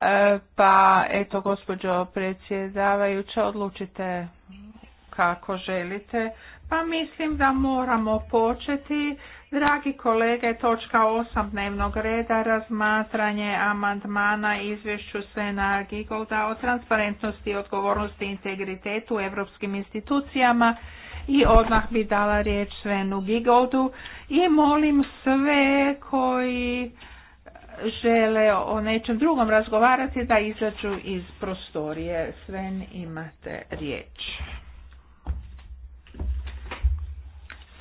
E, pa eto gospođo predsjedavajuće, odlučite kako želite. Pa mislim da moramo početi. Dragi kolege, točka 8 dnevnog reda, razmatranje amandmana izvješću Svena Gigolda o transparentnosti, odgovornosti i integritetu u evropskim institucijama i odmah bi dala riječ Svenu Gigoldu i molim sve koji žele o nečem drugom razgovarati da izađu iz prostorije. Sven imate riječ.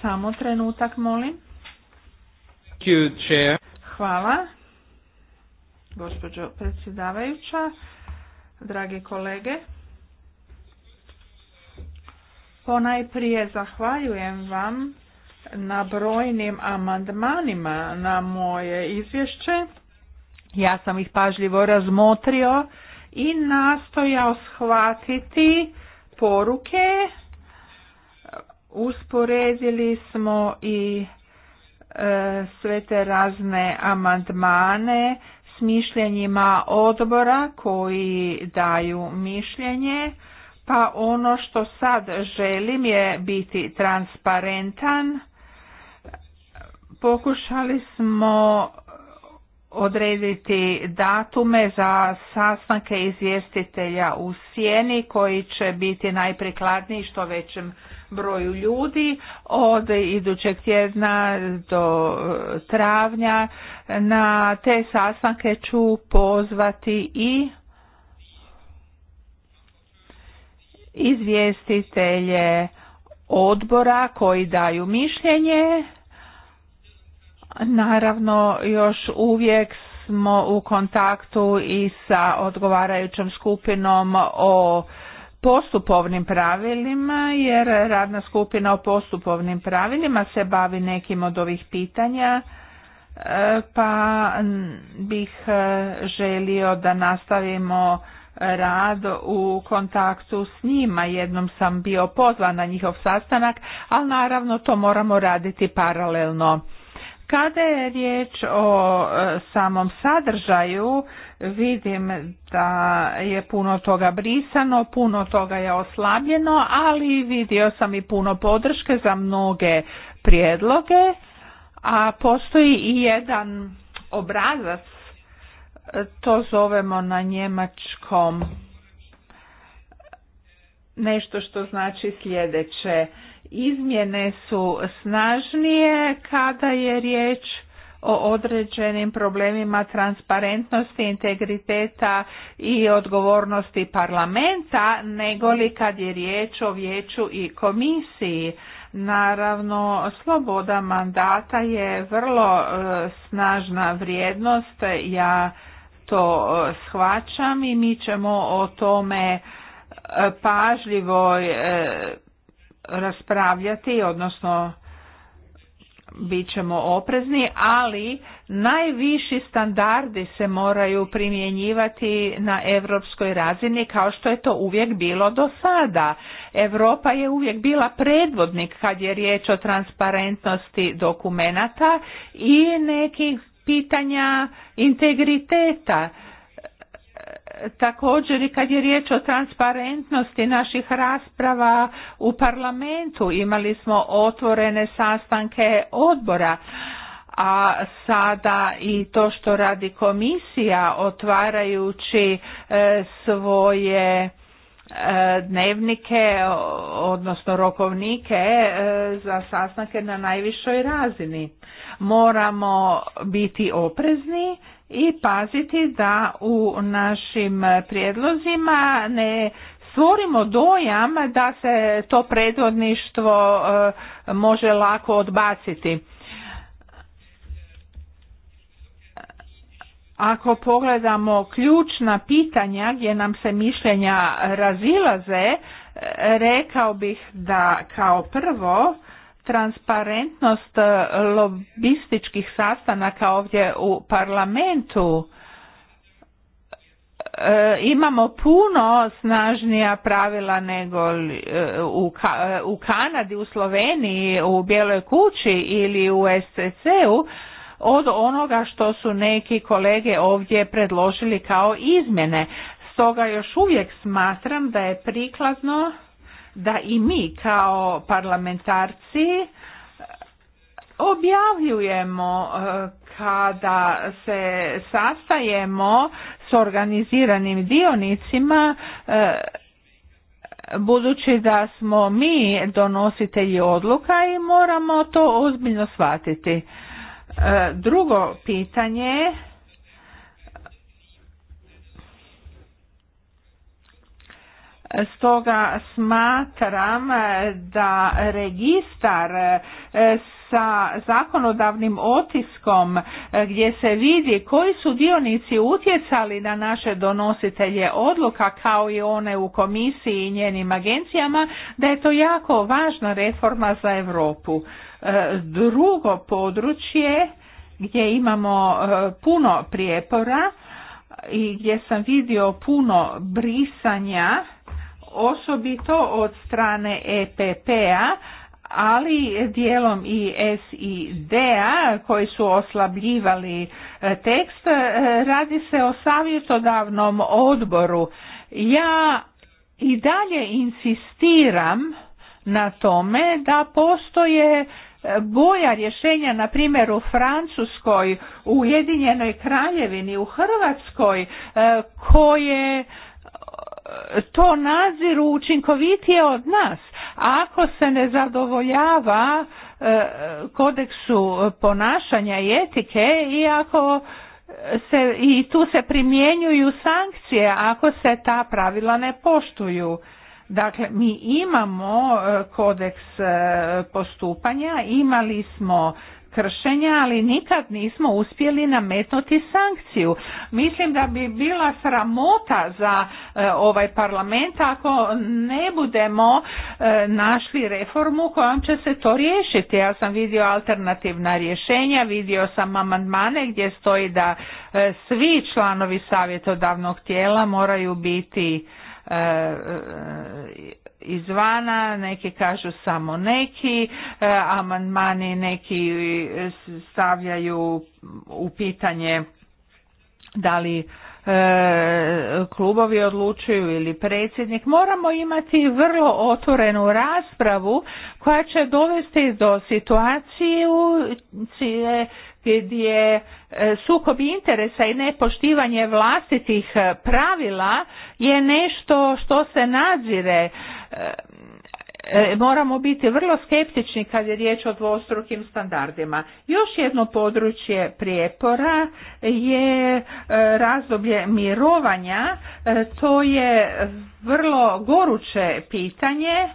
Samo trenutak molim. Hvala. Gospođo predsjedavajuća, dragi kolege. Ponajprije zahvaljujem vam na brojnim amandmanima na moje izvješće. Ja sam ih pažljivo razmotrio i nastojao shvatiti poruke. Usporedili smo i e, sve te razne amandmane s mišljenjima odbora koji daju mišljenje. Pa ono što sad želim je biti transparentan. Pokušali smo odrediti datume za sastanke izvjestitelja u sjeni koji će biti najprikladniji što većem broju ljudi od idućeg tjedna do e, travnja. Na te sastanke ću pozvati i izvjestitelje odbora koji daju mišljenje Naravno, još uvijek smo u kontaktu i sa odgovarajućom skupinom o postupovnim pravilima, jer radna skupina o postupovnim pravilima se bavi nekim od ovih pitanja, e, pa bih e, želio da nastavimo rad u kontaktu s njima. Jednom sam bio pozvan na njihov sastanak, ali naravno to moramo raditi paralelno. Kada je riječ o e, samom sadržaju, vidim da je puno toga brisano, puno toga je oslabljeno, ali vidio sam i puno podrške za mnoge prijedloge, a postoji i jedan obrazac, e, to zovemo na njemačkom nešto što znači sljedeće Izmjene su snažnije kada je riječ o određenim problemima transparentnosti, integriteta i odgovornosti parlamenta, nego li kad je riječ o vijeću i komisiji. Naravno, sloboda mandata je vrlo e, snažna vrijednost, ja to e, shvaćam i mi ćemo o tome e, pažljivo raspravljati, odnosno bit ćemo oprezni, ali najviši standardi se moraju primjenjivati na europskoj razini kao što je to uvijek bilo do sada. Europa je uvijek bila predvodnik kad je riječ o transparentnosti dokumenata i nekih pitanja integriteta također i kad je riječ o transparentnosti naših rasprava u parlamentu imali smo otvorene sastanke odbora a sada i to što radi komisija otvarajući e, svoje e, dnevnike odnosno rokovnike e, za sastanke na najvišoj razini moramo biti oprezni i paziti da u našim prijedlozima ne stvorimo dojam da se to predvodništvo e, može lako odbaciti. Ako pogledamo ključna pitanja gdje nam se mišljenja razilaze, e, rekao bih da kao prvo transparentnost e, lobističkih sastanaka ovdje u parlamentu e, imamo puno snažnija pravila nego e, u Kanadi, u Sloveniji, u Bijeloj kući ili u SCC-u od onoga što su neki kolege ovdje predložili kao izmjene. Stoga još uvijek smatram da je prikladno da i mi kao parlamentarci e, objavljujemo e, kada se sastajemo s organiziranim dionicima e, budući da smo mi donositelji odluka i moramo to ozbiljno shvatiti. Drugo pitanje Stoga smatram da registar e, sa zakonodavnim otiskom e, gdje se vidi koji su dionici utjecali na naše donositelje odluka kao i one u komisiji i njenim agencijama, da je to jako važna reforma za Europu. E, drugo područje gdje imamo puno prijepora i gdje sam vidio puno brisanja osobito od strane EPP-a, ali dijelom i SID-a koji su oslabljivali e, tekst, e, radi se o savjetodavnom odboru. Ja i dalje insistiram na tome da postoje e, boja rješenja, na primjer u Francuskoj, u Ujedinjenoj Kraljevini, u Hrvatskoj, koje to naziru učinkovitije od nas. Ako se ne zadovoljava e, kodeksu ponašanja i etike i ako se, i tu se primjenjuju sankcije ako se ta pravila ne poštuju. Dakle, mi imamo e, kodeks e, postupanja, imali smo kršenja, ali nikad nismo uspjeli nametnuti sankciju. Mislim da bi bila sramota za e, ovaj parlament ako ne budemo e, našli reformu kojom će se to riješiti. Ja sam vidio alternativna rješenja, vidio sam amandmane gdje stoji da e, svi članovi savjetodavnog tijela moraju biti izvana, neki kažu samo neki, e, amandmani neki e, stavljaju u pitanje da li e, klubovi odlučuju ili predsjednik, moramo imati vrlo otvorenu raspravu koja će dovesti do situacije gdje sukob interesa i nepoštivanje vlastitih pravila je nešto što se nadzire E, e, moramo biti vrlo skeptični kad je riječ o dvostrukim standardima. Još jedno područje prijepora je e, razdoblje mirovanja. To je vrlo goruće pitanje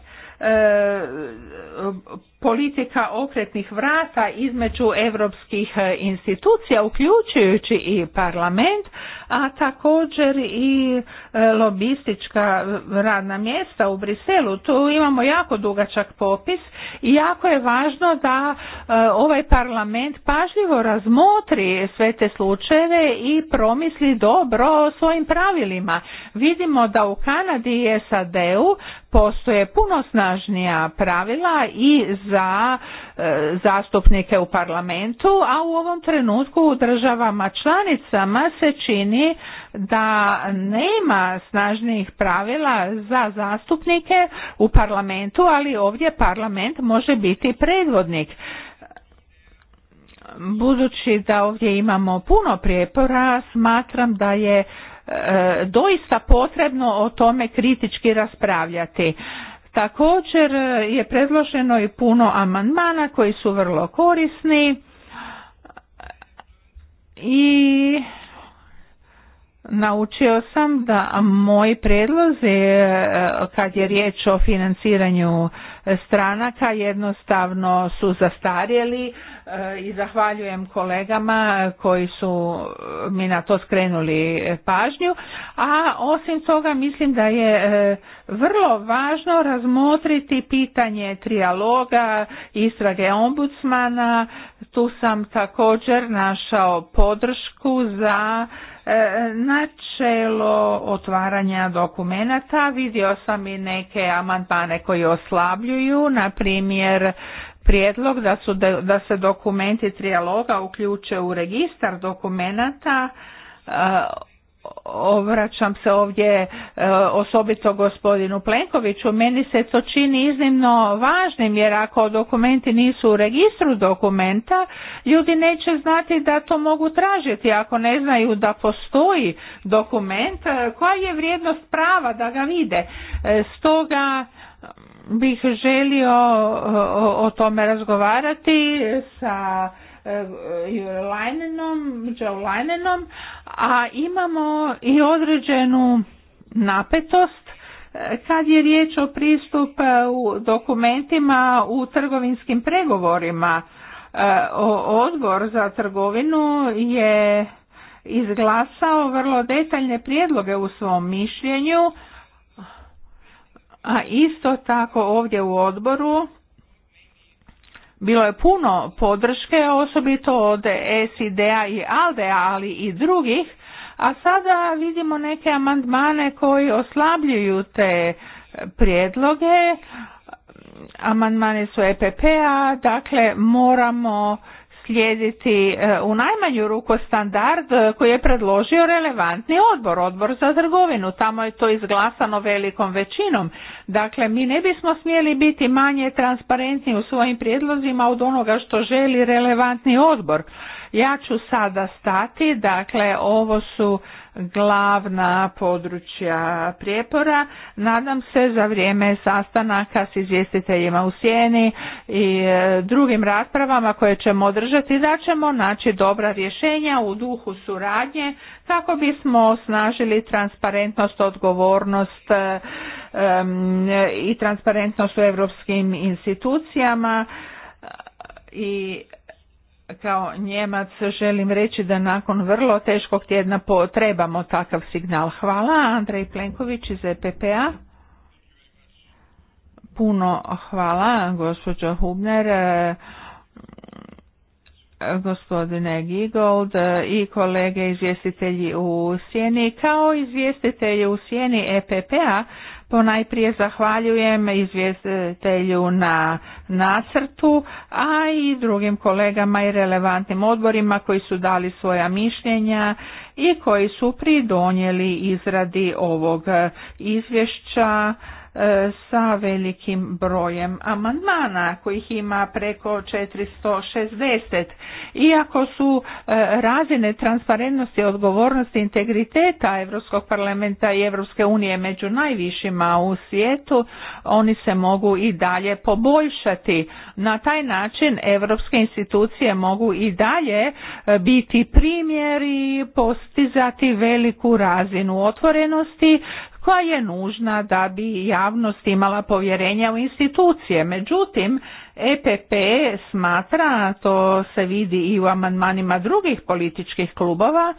politika okretnih vrata između europskih e, institucija, uključujući i parlament, a također i e, lobistička radna mjesta u Briselu. Tu imamo jako dugačak popis i jako je važno da e, ovaj parlament pažljivo razmotri sve te slučajeve i promisli dobro o svojim pravilima. Vidimo da u Kanadi i SAD-u postoje puno snažnija pravila i za e, zastupnike u parlamentu, a u ovom trenutku u državama članicama se čini da nema snažnijih pravila za zastupnike u parlamentu, ali ovdje parlament može biti predvodnik. Budući da ovdje imamo puno prijepora, smatram da je e, doista potrebno o tome kritički raspravljati. Također e, je predloženo i puno amandmana koji su vrlo korisni i naučio sam da moji predlozi e, kad je riječ o financiranju stranaka jednostavno su zastarjeli e, i zahvaljujem kolegama koji su mi na to skrenuli pažnju. A osim toga mislim da je e, vrlo važno razmotriti pitanje trijaloga, istrage ombudsmana. Tu sam također našao podršku za E, načelo otvaranja dokumenata vidio sam i neke amandmane koji oslabljuju na primjer prijedlog da, su, da se dokumenti trijaloga uključe u registar dokumenata e, obraćam se ovdje e, osobito gospodinu Plenkoviću, meni se to čini iznimno važnim jer ako dokumenti nisu u registru dokumenta, ljudi neće znati da to mogu tražiti ako ne znaju da postoji dokument, e, koja je vrijednost prava da ga vide. E, stoga bih želio o tome razgovarati sa Eh, a imamo i određenu napetost eh, kad je riječ o pristup eh, u dokumentima u trgovinskim pregovorima. Odbor za trgovinu je izglasao vrlo detaljne prijedloge u svom mišljenju, a isto tako ovdje u odboru bilo je puno podrške, osobito od sid i alde ali i drugih, a sada vidimo neke amandmane koji oslabljuju te prijedloge, amandmane su EPP-a, dakle moramo slijediti e, u najmanju ruku standard e, koji je predložio relevantni odbor, odbor za trgovinu. Tamo je to izglasano velikom većinom. Dakle, mi ne bismo smjeli biti manje transparentni u svojim prijedlozima od onoga što želi relevantni odbor. Ja ću sada stati, dakle ovo su glavna područja prijepora. Nadam se za vrijeme sastanaka s izvjestiteljima u sjeni i e, drugim raspravama koje ćemo održati da ćemo naći dobra rješenja u duhu suradnje kako bismo osnažili transparentnost, odgovornost e, i transparentnost u europskim institucijama i kao Njemac želim reći da nakon vrlo teškog tjedna potrebamo takav signal. Hvala Andrej Plenković iz EPP-a. Puno hvala gospođo Hubner, e, gospodine Gigold i kolege izvjestitelji u Sjeni. Kao izvjestitelji u Sjeni EPP-a Ponajprije zahvaljujem izvjestitelju na nacrtu, a i drugim kolegama i relevantnim odborima koji su dali svoja mišljenja i koji su pridonijeli izradi ovog izvješća E, sa velikim brojem amandmana kojih ima preko 460. Iako su e, razine transparentnosti, odgovornosti, integriteta Europskog parlamenta i Europske unije među najvišima u svijetu, oni se mogu i dalje poboljšati. Na taj način europske institucije mogu i dalje e, biti primjeri, postizati veliku razinu otvorenosti, koja je nužna da bi javnost imala povjerenja u institucije. Međutim, EPP smatra, to se vidi i u amandmanima drugih političkih klubova,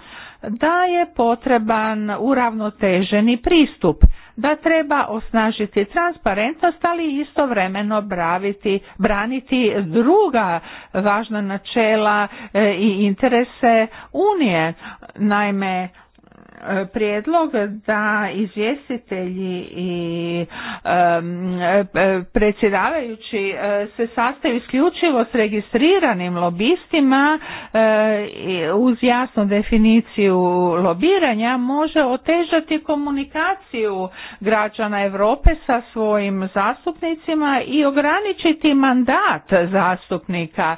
da je potreban uravnoteženi pristup, da treba osnažiti transparentnost, ali istovremeno braviti, braniti druga važna načela e, i interese Unije. Naime, prijedlog da izvjestitelji i predsjedavajući e, se sastaju isključivo s registriranim lobistima e, uz jasnu definiciju lobiranja može otežati komunikaciju građana Europe sa svojim zastupnicima i ograničiti mandat zastupnika.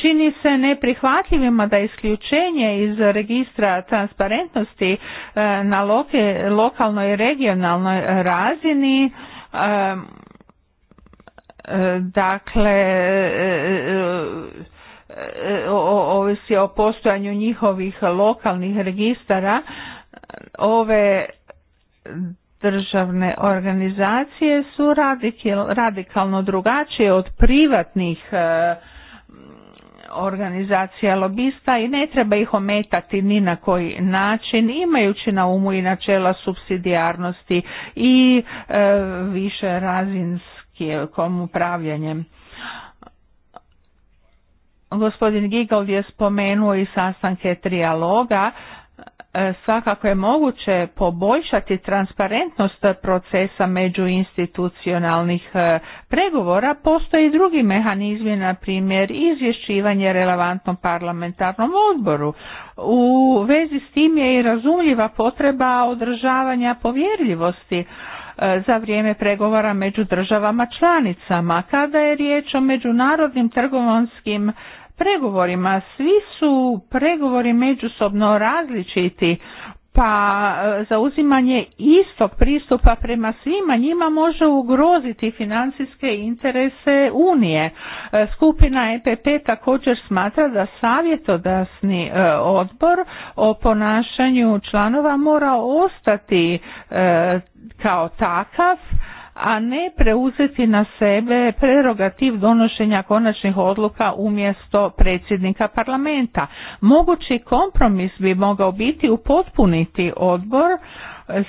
Čini se neprihvatljivima da isključenje iz registra transparentnosti E, na lokalnoj i regionalnoj razini e, e, dakle ovisi o postojanju njihovih lokalnih registara ove državne organizacije su radikalno drugačije od privatnih organizacija lobista i ne treba ih ometati ni na koji način imajući na umu i načela subsidijarnosti i e, više razinskim upravljanjem. Gospodin Gigald je spomenuo i sastanke trijaloga E, svakako je moguće poboljšati transparentnost procesa međuinstitucionalnih e, pregovora, postoje i drugi mehanizmi, na primjer izvješćivanje relevantnom parlamentarnom odboru. U vezi s tim je i razumljiva potreba održavanja povjerljivosti e, za vrijeme pregovora među državama članicama. Kada je riječ o međunarodnim trgovinskim pregovorima. Svi su pregovori međusobno različiti, pa e, zauzimanje istog pristupa prema svima njima može ugroziti financijske interese Unije. E, skupina EPP također smatra da savjetodasni e, odbor o ponašanju članova mora ostati kao takav a ne preuzeti na sebe prerogativ donošenja konačnih odluka umjesto predsjednika parlamenta. Mogući kompromis bi mogao biti upotpuniti odbor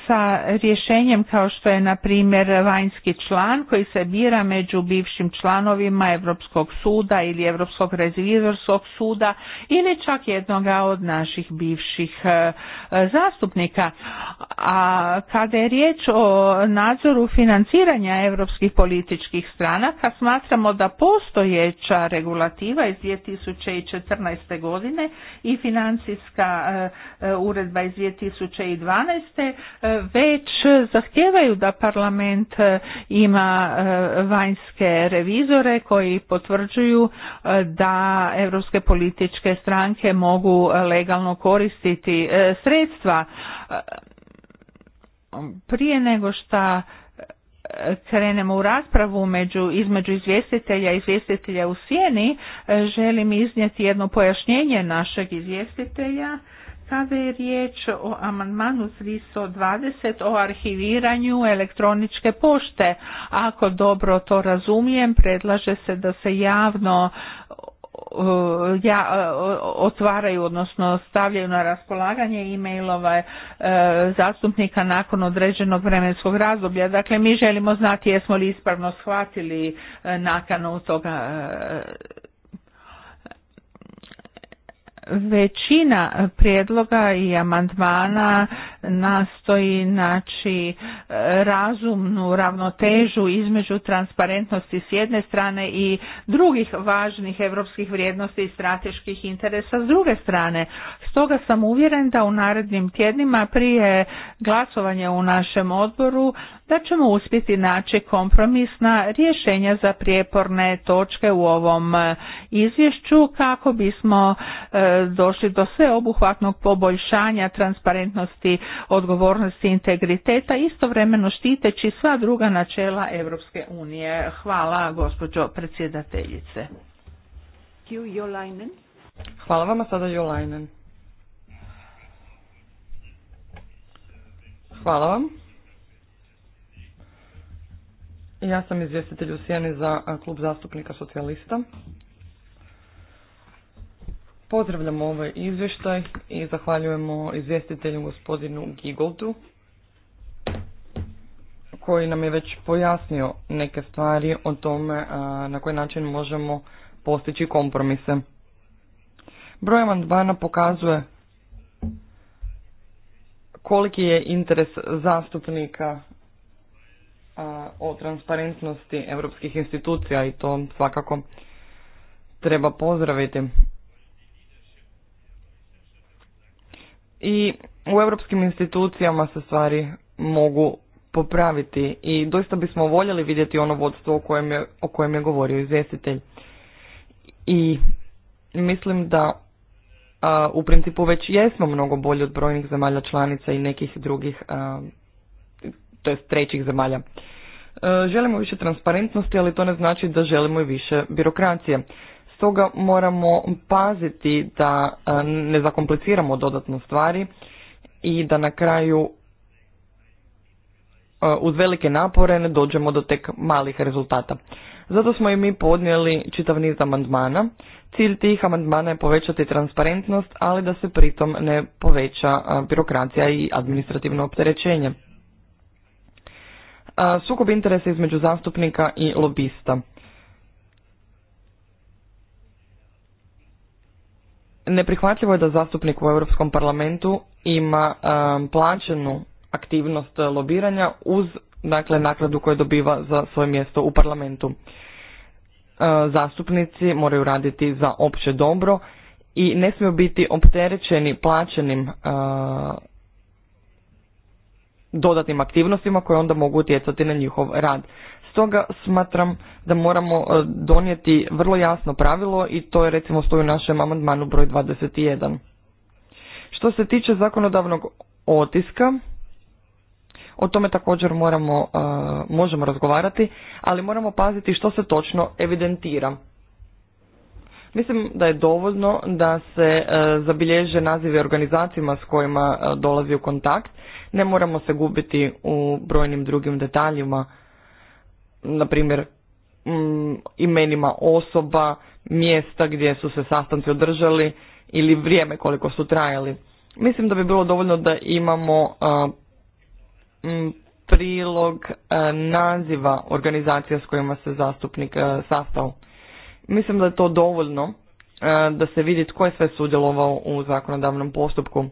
sa rješenjem kao što je na primjer vanjski član koji se bira među bivšim članovima Europskog suda ili Europskog revizorskog suda ili čak jednoga od naših bivših e, zastupnika. A kada je riječ o nadzoru financiranja europskih političkih stranaka, smatramo da postojeća regulativa iz 2014. godine i financijska e, e, uredba iz 2012 E, već zahtijevaju da parlament e, ima e, vanjske revizore koji potvrđuju da europske političke stranke mogu legalno koristiti sredstva. Prije nego što krenemo u raspravu među, između izvjestitelja i izvjestitelja u sjeni, želim iznijeti jedno pojašnjenje našeg izvjestitelja kada je riječ o amandmanu 320 o arhiviranju elektroničke pošte, ako dobro to razumijem, predlaže se da se javno otvaraju, odnosno stavljaju na raspolaganje e-mailova e, zastupnika nakon određenog vremenskog razdoblja. Dakle, mi želimo znati jesmo li ispravno shvatili e, nakanu toga e, većina prijedloga i amandmana nastoji naći e, razumnu ravnotežu između transparentnosti s jedne strane i drugih važnih europskih vrijednosti i strateških interesa s druge strane. Stoga sam uvjeren da u narednim tjednima prije glasovanja u našem odboru da ćemo uspjeti naći kompromisna rješenja za prijeporne točke u ovom e, izvješću kako bismo e, došli do sveobuhvatnog poboljšanja transparentnosti, odgovornosti i integriteta, istovremeno štiteći sva druga načela Europske unije. Hvala gospođo predsjedateljice. Hvala vama sada Jolajnen. Hvala vam. Ja sam izvjestitelj u Sijeni za klub zastupnika socijalista. Pozdravljamo ovaj izvještaj i zahvaljujemo izvjestitelju gospodinu Gigoldu koji nam je već pojasnio neke stvari o tome na koji način možemo postići kompromise. Broj amandmana pokazuje koliki je interes zastupnika o transparentnosti europskih institucija i to svakako treba pozdraviti i u europskim institucijama se stvari mogu popraviti i doista bismo voljeli vidjeti ono vodstvo o kojem je, o kojem je govorio izvjestitelj. I mislim da u principu već jesmo mnogo bolji od brojnih zemalja članica i nekih drugih, to jest trećih zemalja. E, želimo više transparentnosti, ali to ne znači da želimo i više birokracije. Stoga moramo paziti da e, ne zakompliciramo dodatno stvari i da na kraju e, uz velike napore ne dođemo do tek malih rezultata. Zato smo i mi podnijeli čitav niz amandmana. Cilj tih amandmana je povećati transparentnost, ali da se pritom ne poveća e, birokracija i administrativno opterećenje. Sukob interesa između zastupnika i lobista. Neprihvatljivo je da zastupnik u Europskom parlamentu ima plaćenu aktivnost e, lobiranja uz dakle naknadu koju dobiva za svoje mjesto u parlamentu. E, zastupnici moraju raditi za opće dobro i ne smiju biti opterećeni plaćenim e, dodatnim aktivnostima koje onda mogu utjecati na njihov rad. Stoga smatram da moramo e, donijeti vrlo jasno pravilo i to je recimo stoji u našem amandmanu broj 21. Što se tiče zakonodavnog otiska, o tome također moramo, e, možemo razgovarati, ali moramo paziti što se točno evidentira. Mislim da je dovoljno da se e, zabilježe nazive organizacijama s kojima dolazi u kontakt. Ne moramo se gubiti u brojnim drugim detaljima na primjer, mm, imenima osoba, mjesta gdje su se sastanci održali ili vrijeme koliko su trajali. Mislim da bi bilo dovoljno da imamo mm, prilog naziva organizacija s kojima se zastupnik sastao. Mislim da je to dovoljno da se vidi tko je sve sudjelovao u zakonodavnom postupku.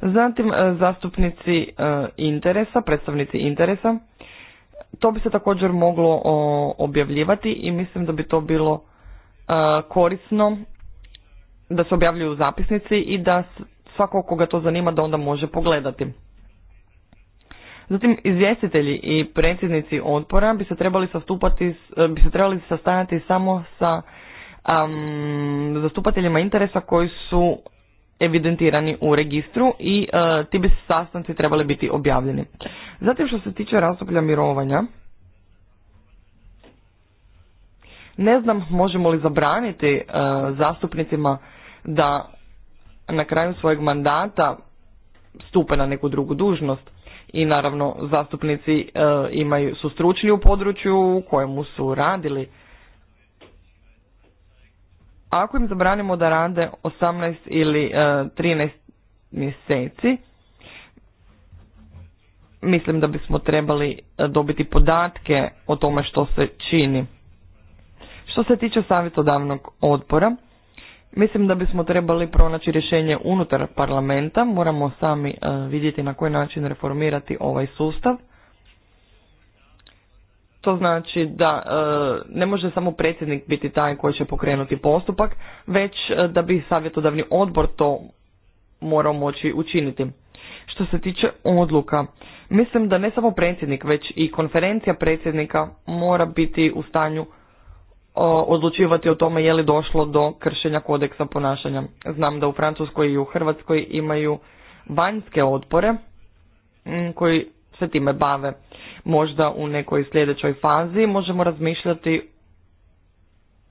Zatim zastupnici interesa, predstavnici interesa, to bi se također moglo objavljivati i mislim da bi to bilo e, korisno da se objavljuju zapisnici i da svako koga to zanima da onda može pogledati. Zatim izvjestitelji i predsjednici odbora bi se trebali sastupati, e, bi se trebali sastajati samo sa um, zastupateljima interesa koji su evidentirani u registru i e, ti bi sastanci trebali biti objavljeni. Zatim što se tiče razdoblja mirovanja, ne znam možemo li zabraniti e, zastupnicima da na kraju svojeg mandata stupe na neku drugu dužnost i naravno zastupnici e, imaju su stručni u području u kojemu su radili ako im zabranimo da rade 18 ili 13 e, mjeseci, mislim da bismo trebali e, dobiti podatke o tome što se čini. Što se tiče savjetodavnog odbora, mislim da bismo trebali pronaći rješenje unutar parlamenta, moramo sami e, vidjeti na koji način reformirati ovaj sustav. To znači da e, ne može samo predsjednik biti taj koji će pokrenuti postupak, već e, da bi savjetodavni odbor to morao moći učiniti. Što se tiče odluka, mislim da ne samo predsjednik, već i konferencija predsjednika mora biti u stanju e, odlučivati o tome je li došlo do kršenja kodeksa ponašanja. Znam da u Francuskoj i u Hrvatskoj imaju vanjske odpore koji se time bave. Možda u nekoj sljedećoj fazi možemo razmišljati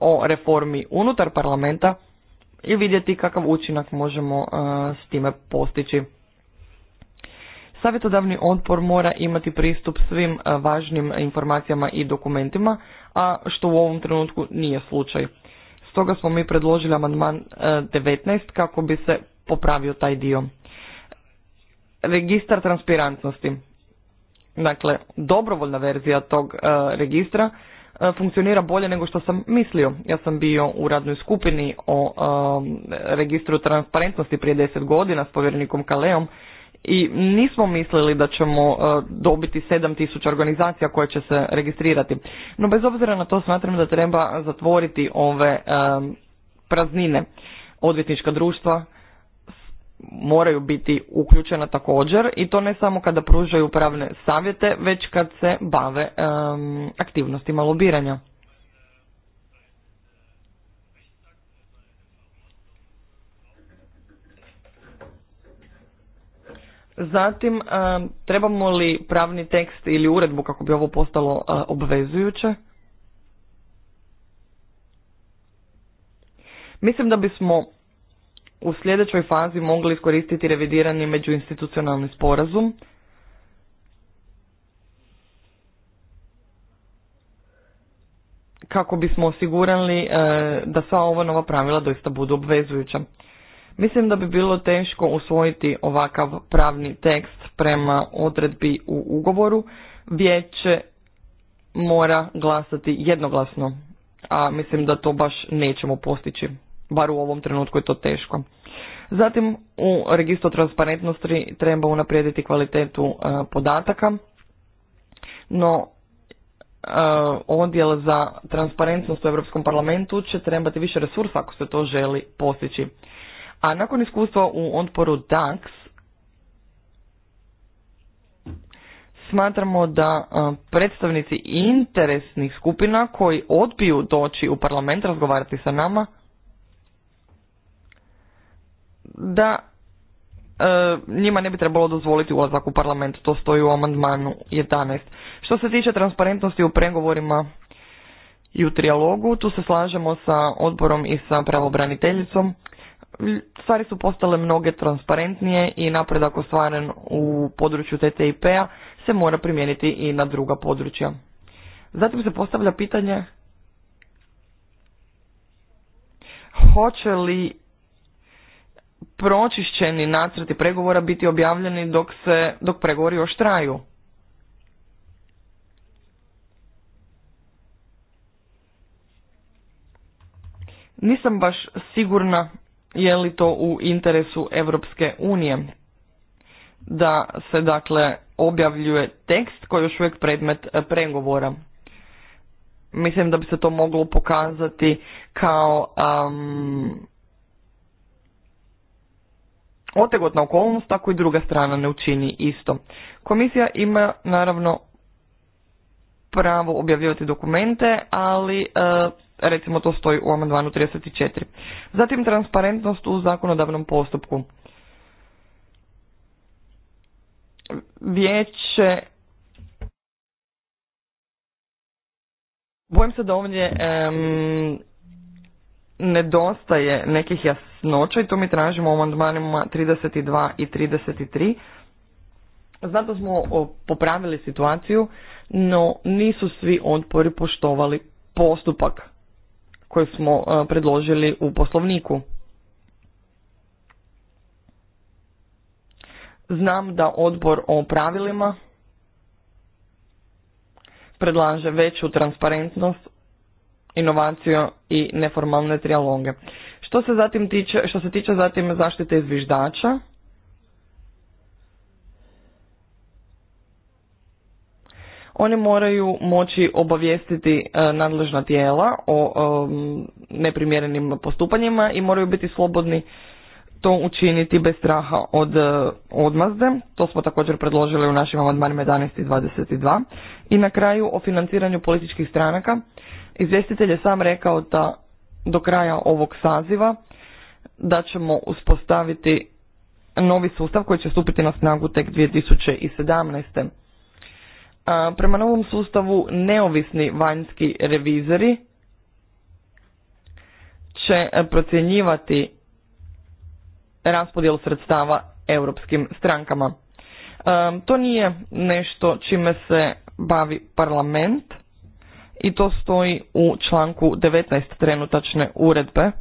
o reformi unutar parlamenta i vidjeti kakav učinak možemo e, s time postići. Savjetodavni odpor mora imati pristup svim e, važnim informacijama i dokumentima, a što u ovom trenutku nije slučaj. Stoga smo mi predložili amandman 19 e, kako bi se popravio taj dio. Registar transparentnosti dakle dobrovoljna verzija tog e, registra e, funkcionira bolje nego što sam mislio. Ja sam bio u radnoj skupini o e, registru transparentnosti prije deset godina s povjerenikom Kaleom i nismo mislili da ćemo dobiti dobiti 7000 organizacija koje će se registrirati. No bez obzira na to smatram da treba zatvoriti ove praznine odvjetnička društva, moraju biti uključena također i to ne samo kada pružaju pravne savjete, već kad se bave aktivnostima lobiranja. Zatim, trebamo li pravni tekst ili uredbu kako bi ovo postalo e, obvezujuće? Mislim da bismo u sljedećoj fazi mogli iskoristiti revidirani međuinstitucionalni sporazum kako bismo osigurali e, da sva ova nova pravila doista budu obvezujuća. Mislim da bi bilo teško usvojiti ovakav pravni tekst prema odredbi u ugovoru. Vijeće mora glasati jednoglasno, a mislim da to baš nećemo postići bar u ovom trenutku je to teško. Zatim u registru transparentnosti treba unaprijediti kvalitetu e, podataka, no e, odjel za transparentnost u Europskom parlamentu će trebati više resursa ako se to želi postići. A nakon iskustva u odporu DAX smatramo da e, predstavnici interesnih skupina koji odbiju doći u parlament razgovarati sa nama da e, njima ne bi trebalo dozvoliti ulazak u parlament, to stoji u amandmanu 11. Što se tiče transparentnosti u pregovorima i u trijalogu, tu se slažemo sa odborom i sa pravobraniteljicom. Stvari su postale mnoge transparentnije i napredak ostvaren u području TTIP-a se mora primijeniti i na druga područja. Zatim se postavlja pitanje hoće li pročišćeni nacrti pregovora biti objavljeni dok, se, dok pregovori još traju. Nisam baš sigurna je li to u interesu Europske unije da se dakle objavljuje tekst koji je još uvijek predmet e, pregovora. Mislim da bi se to moglo pokazati kao um, otegotna okolnost tako i druga strana ne učini isto. Komisija ima naravno pravo objavljivati dokumente, ali e, recimo to stoji u amandmanu 34. Zatim transparentnost u zakonodavnom postupku. Vijeće Bojim se da ovdje nedostaje nekih jasnih nejasnoća i to mi tražimo u amandmanima 32 i 33. Zato smo popravili situaciju, no nisu svi odpori poštovali postupak koji smo e, predložili u poslovniku. Znam da odbor o pravilima predlaže veću transparentnost, inovaciju i neformalne trialoge. Što se zatim tiče, što se tiče zatim zaštite izviždača, oni moraju moći obavijestiti e, nadležna tijela o e, neprimjerenim postupanjima i moraju biti slobodni to učiniti bez straha od e, odmazde. To smo također predložili u našim amandmanima 11 i 22. I na kraju o financiranju političkih stranaka. Izvjestitelj je sam rekao da do kraja ovog saziva da ćemo uspostaviti novi sustav koji će stupiti na snagu tek 2017. A, e, prema novom sustavu neovisni vanjski revizori će procjenjivati raspodjelu sredstava europskim strankama. E, to nije nešto čime se bavi parlament, i to stoji u članku 19 trenutačne uredbe.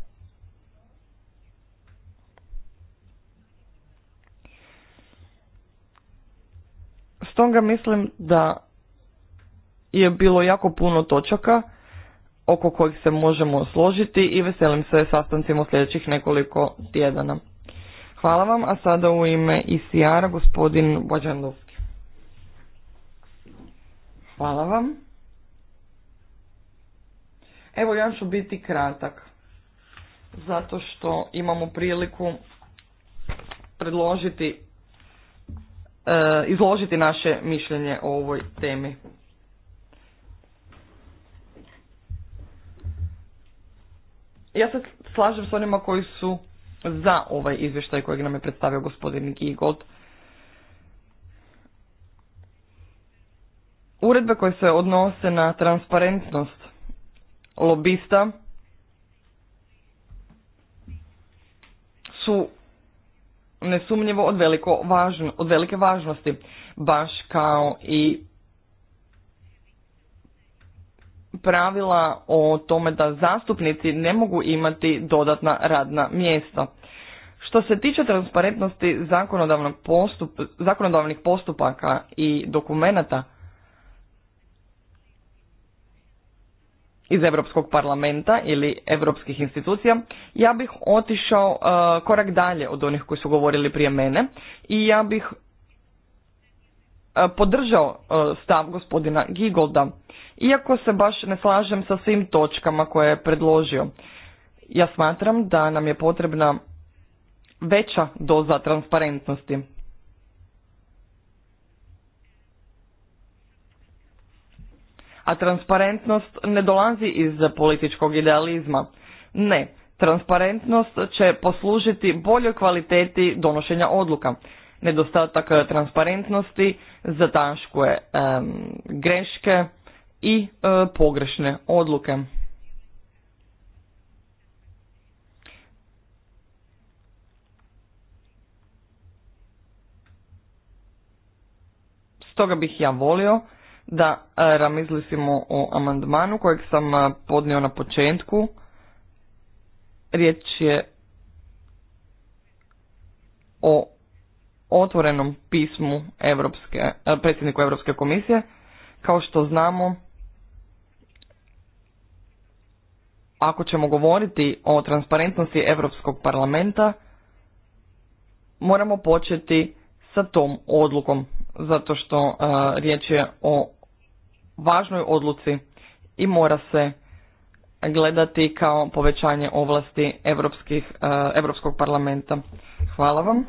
Stoga mislim da je bilo jako puno točaka oko kojih se možemo složiti i veselim se sastancima u sljedećih nekoliko tjedana. Hvala vam, a sada u ime ICR-a gospodin Bođanovski. Hvala vam. Evo ja ću biti kratak, zato što imamo priliku predložiti, e, izložiti naše mišljenje o ovoj temi. Ja se slažem s onima koji su za ovaj izvještaj kojeg nam je predstavio gospodin Gigold. Uredbe koje se odnose na transparentnost lobista su nesumnjivo od, od velike važnosti, baš kao i pravila o tome da zastupnici ne mogu imati dodatna radna mjesta. Što se tiče transparentnosti postup, zakonodavnih postupaka i dokumenata, iz Europskog parlamenta ili europskih institucija, ja bih otišao uh, korak dalje od onih koji su govorili prije mene i ja bih uh, podržao uh, stav gospodina Gigolda, iako se baš ne slažem sa svim točkama koje je predložio. Ja smatram da nam je potrebna veća doza transparentnosti. a transparentnost ne dolazi iz političkog idealizma. Ne, transparentnost će poslužiti boljoj kvaliteti donošenja odluka. Nedostatak transparentnosti zataškuje e, greške i e, pogrešne odluke. Stoga bih ja volio da e, razmislimo o amandmanu kojeg sam e, podnio na početku. Riječ je o otvorenom pismu Evropske, e, predsjedniku Europske komisije. Kao što znamo, ako ćemo govoriti o transparentnosti Europskog parlamenta, moramo početi sa tom odlukom, zato što riječ je o važnoj odluci i mora se gledati kao povećanje ovlasti Evropskih, Europskog parlamenta. Hvala vam.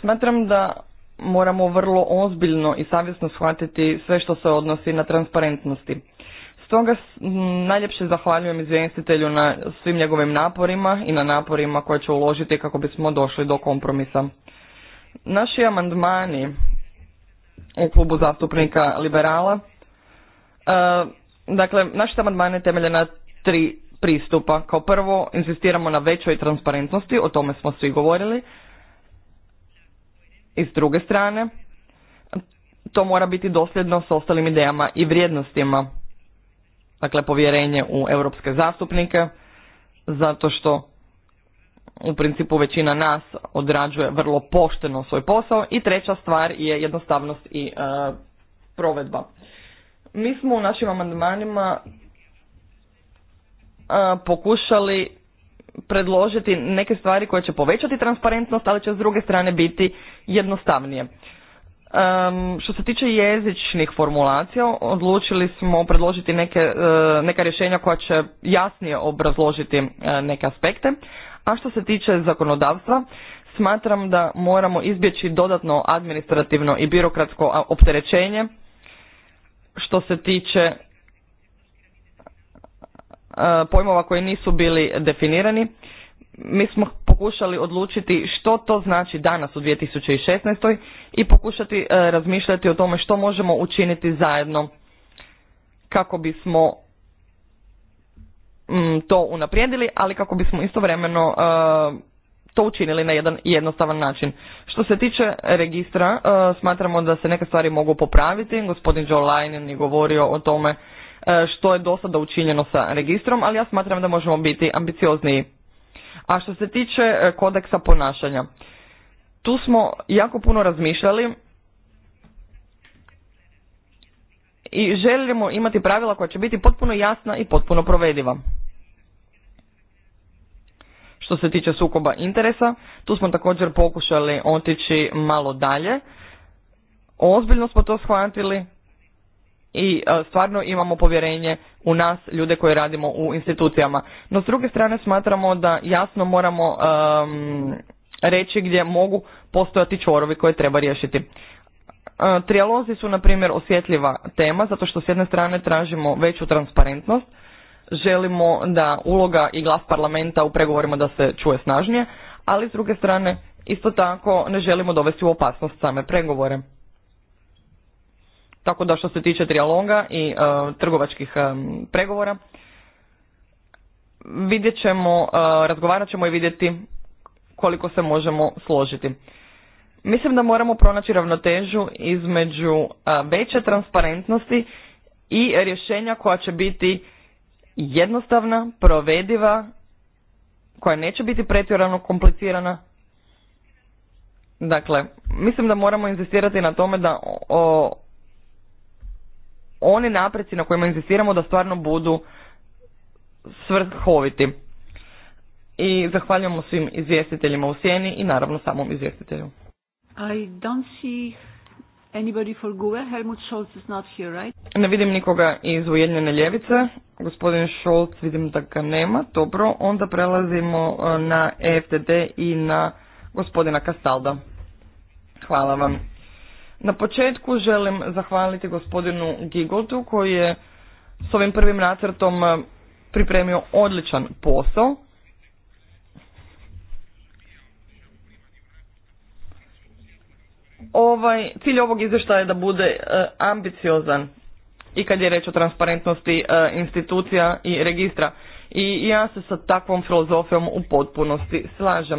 Smatram da moramo vrlo ozbiljno i savjesno shvatiti sve što se odnosi na transparentnosti. Stoga najljepše zahvaljujem izvjestitelju na svim njegovim naporima i na naporima koje će uložiti kako bismo došli do kompromisa. Naši amandmani u klubu zastupnika liberala. E, dakle, naši amandmane temelje na tri pristupa. Kao prvo, insistiramo na većoj transparentnosti, o tome smo svi govorili. I s druge strane, to mora biti dosljedno s ostalim idejama i vrijednostima. Dakle, povjerenje u europske zastupnike, zato što u principu većina nas odrađuje vrlo pošteno svoj posao i treća stvar je jednostavnost i e, provedba. Mi smo u našim amandmanima e, pokušali predložiti neke stvari koje će povećati transparentnost, ali će s druge strane biti jednostavnije. što se tiče jezičnih formulacija, odlučili smo predložiti neke, e, neka rješenja koja će jasnije obrazložiti neke aspekte, a što se tiče zakonodavstva, smatram da moramo izbjeći dodatno administrativno i birokratsko opterećenje što se tiče e, pojmova koji nisu bili definirani. Mi smo pokušali odlučiti što to znači danas u 2016. i pokušati e, razmišljati o tome što možemo učiniti zajedno kako bismo Mm, to unaprijedili, ali kako bismo istovremeno uh, to učinili na jedan jednostavan način. Što se tiče registra, uh, smatramo da se neke stvari mogu popraviti. Gospodin Joe Linen je govorio o tome uh, što je do sada učinjeno sa registrom, ali ja smatram da možemo biti ambiciozniji. A što se tiče kodeksa ponašanja, tu smo jako puno razmišljali i želimo imati pravila koja će biti potpuno jasna i potpuno provediva. Što se tiče sukoba interesa, tu smo također pokušali otići malo dalje. Ozbiljno smo to shvatili i e, stvarno imamo povjerenje u nas, ljude koji radimo u institucijama. No s druge strane smatramo da jasno moramo reći gdje mogu postojati čvorovi koje treba riješiti. E, trijalozi su, na primjer, osjetljiva tema, zato što s jedne strane tražimo veću transparentnost, želimo da uloga i glas parlamenta u pregovorima da se čuje snažnije, ali s druge strane isto tako ne želimo dovesti u opasnost same pregovore. Tako da što se tiče trijaloga i e, trgovačkih e, pregovora, vidjet ćemo, razgovarat ćemo i vidjeti koliko se možemo složiti. Mislim da moramo pronaći ravnotežu između e, veće transparentnosti i rješenja koja će biti jednostavna, provediva, koja neće biti pretjerano komplicirana. Dakle, mislim da moramo inzistirati na tome da o, oni napreci na kojima inzistiramo da stvarno budu svrhoviti. I zahvaljujemo svim izvjestiteljima u sjeni i naravno samom izvjestitelju. I don't see Ne vidim nikoga iz Ujedinjene ljevice. Gospodin Scholz vidim da ga nema. Dobro, onda prelazimo e, na EFTD i na gospodina Kastalda. Hvala vam. Na početku želim zahvaliti gospodinu Gigoltu koji je s ovim prvim nacrtom e, pripremio odličan posao ovaj, cilj ovog izvještaja je da bude e, ambiciozan i kad je reč o transparentnosti e, institucija i registra. I ja se sa takvom filozofijom u potpunosti slažem.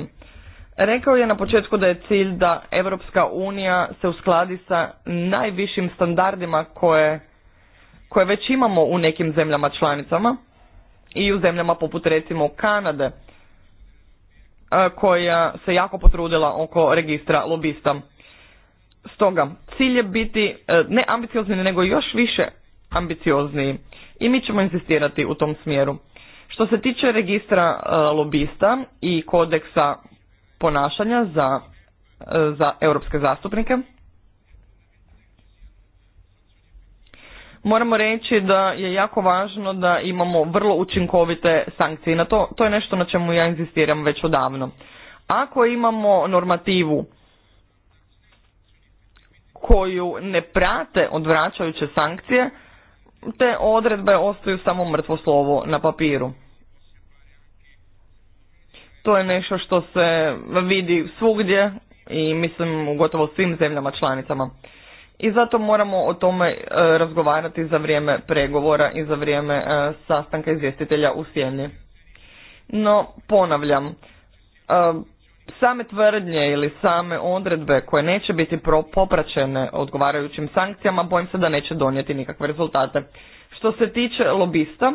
Rekao je na početku da je cilj da Europska unija se uskladi sa najvišim standardima koje, koje već imamo u nekim zemljama članicama i u zemljama poput recimo Kanade e, koja se jako potrudila oko registra lobista. Stoga, cilj je biti e, ne ambiciozni, nego još više ambiciozniji. I mi ćemo insistirati u tom smjeru. Što se tiče registra e, lobista i kodeksa ponašanja za, e, za europske zastupnike, moramo reći da je jako važno da imamo vrlo učinkovite sankcije. Na to, to je nešto na čemu ja inzistiram već odavno. Ako imamo normativu koju ne prate odvraćajuće sankcije, te odredbe ostaju samo mrtvo slovo na papiru. To je nešto što se vidi svugdje i mislim u gotovo svim zemljama članicama. I zato moramo o tome e, razgovarati za vrijeme pregovora i za vrijeme e, sastanka izvjestitelja u Sjeni. No, ponavljam, e, same tvrdnje ili same odredbe koje neće biti popraćene odgovarajućim sankcijama, bojim se da neće donijeti nikakve rezultate. Što se tiče lobista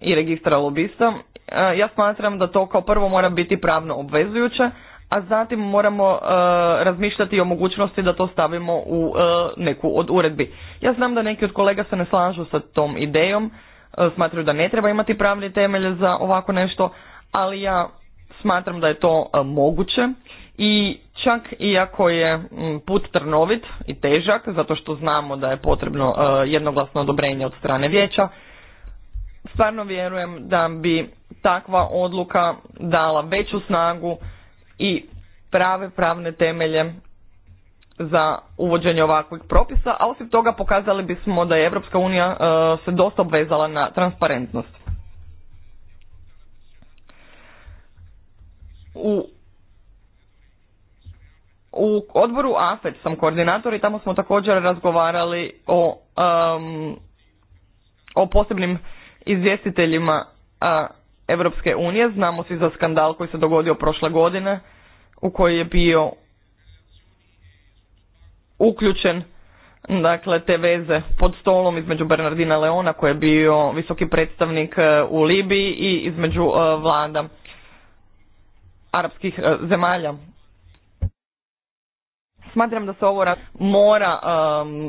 i registra lobista, e, ja smatram da to kao prvo mora biti pravno obvezujuće, a zatim moramo e, razmišljati o mogućnosti da to stavimo u e, neku od uredbi. Ja znam da neki od kolega se ne slažu sa tom idejom, smatraju da ne treba imati pravne temelje za ovako nešto, ali ja Smatram da je to e, moguće i čak iako je put trnovit i težak, zato što znamo da je potrebno e, jednoglasno odobrenje od strane vijeća, stvarno vjerujem da bi takva odluka dala veću snagu i prave pravne temelje za uvođenje ovakvih propisa, a osim toga pokazali bismo da je Europska unija e, se dosta obvezala na transparentnost. u u odboru AFET sam koordinator i tamo smo također razgovarali o, o posebnim izvjestiteljima uh, Europske unije. Znamo svi za skandal koji se dogodio prošle godine u koji je bio uključen dakle te veze pod stolom između Bernardina Leona koji je bio visoki predstavnik e, u Libiji i između uh, vlada arapskih e, zemalja. Smatram da se ovo mora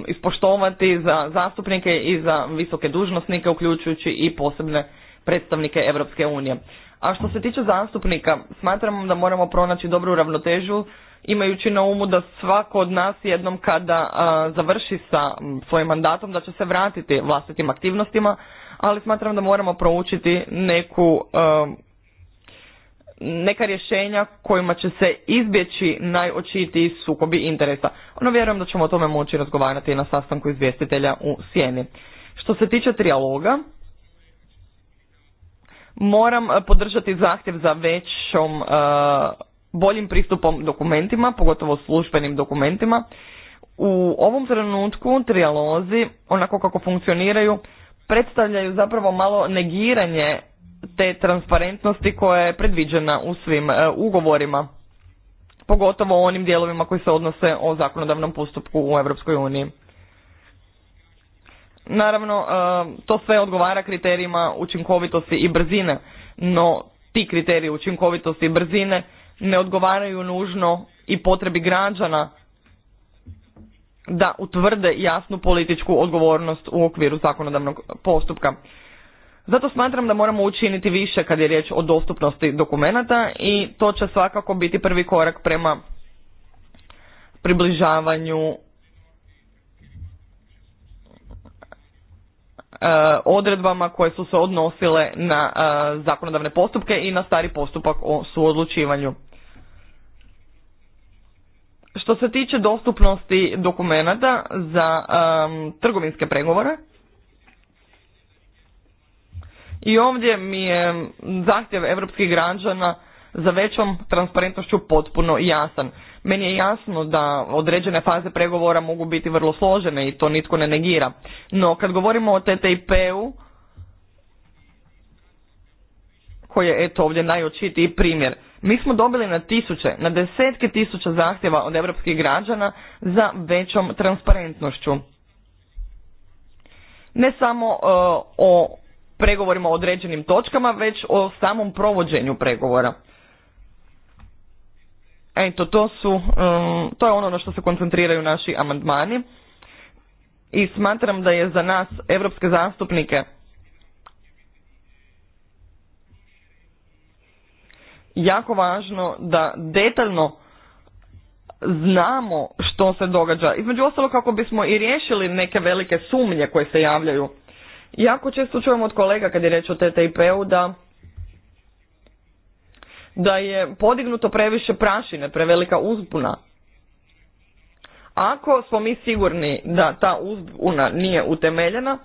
ispoštovati za zastupnike i za visoke dužnosnike, uključujući i posebne predstavnike Europske unije. A što se tiče zastupnika, smatram da moramo pronaći dobru ravnotežu, imajući na umu da svako od nas jednom kada e, završi sa svojim mandatom, da će se vratiti vlastitim aktivnostima, ali smatram da moramo proučiti neku neka rješenja kojima će se izbjeći najočitiji sukobi interesa. Ono vjerujem da ćemo o tome moći razgovarati na sastanku izvjestitelja u Sjeni. Što se tiče trijaloga, moram eh, podržati zahtjev za većom, eh, boljim pristupom dokumentima, pogotovo službenim dokumentima. U ovom trenutku trijalozi, onako kako funkcioniraju, predstavljaju zapravo malo negiranje te transparentnosti koja je predviđena u svim e, ugovorima, pogotovo u onim dijelovima koji se odnose o zakonodavnom postupku u Europskoj uniji. Naravno, e, to sve odgovara kriterijima učinkovitosti i brzine, no ti kriteriji učinkovitosti i brzine ne odgovaraju nužno i potrebi građana da utvrde jasnu političku odgovornost u okviru zakonodavnog postupka. Zato smatram da moramo učiniti više kad je riječ o dostupnosti dokumenata i to će svakako biti prvi korak prema približavanju e, odredbama koje su se odnosile na e, zakonodavne postupke i na stari postupak o suodlučivanju. Što se tiče dostupnosti dokumenata za e, trgovinske pregovore, i ovdje mi je zahtjev europskih građana za većom transparentnošću potpuno jasan. Meni je jasno da određene faze pregovora mogu biti vrlo složene i to nitko ne negira. No kad govorimo o TTIP-u, koji je eto ovdje najočitiji primjer, mi smo dobili na tisuće, na desetke tisuća zahtjeva od europskih građana za većom transparentnošću. Ne samo e, o pregovorima o određenim točkama, već o samom provođenju pregovora. Eto, to, su, um, to je ono na što se koncentriraju naši amandmani i smatram da je za nas, evropske zastupnike, jako važno da detaljno znamo što se događa. Između ostalo kako bismo i riješili neke velike sumnje koje se javljaju. Jako često čujem od kolega kad je reč o TTIP-u da da je podignuto previše prašine, prevelika uzbuna. Ako smo mi sigurni da ta uzbuna nije utemeljena,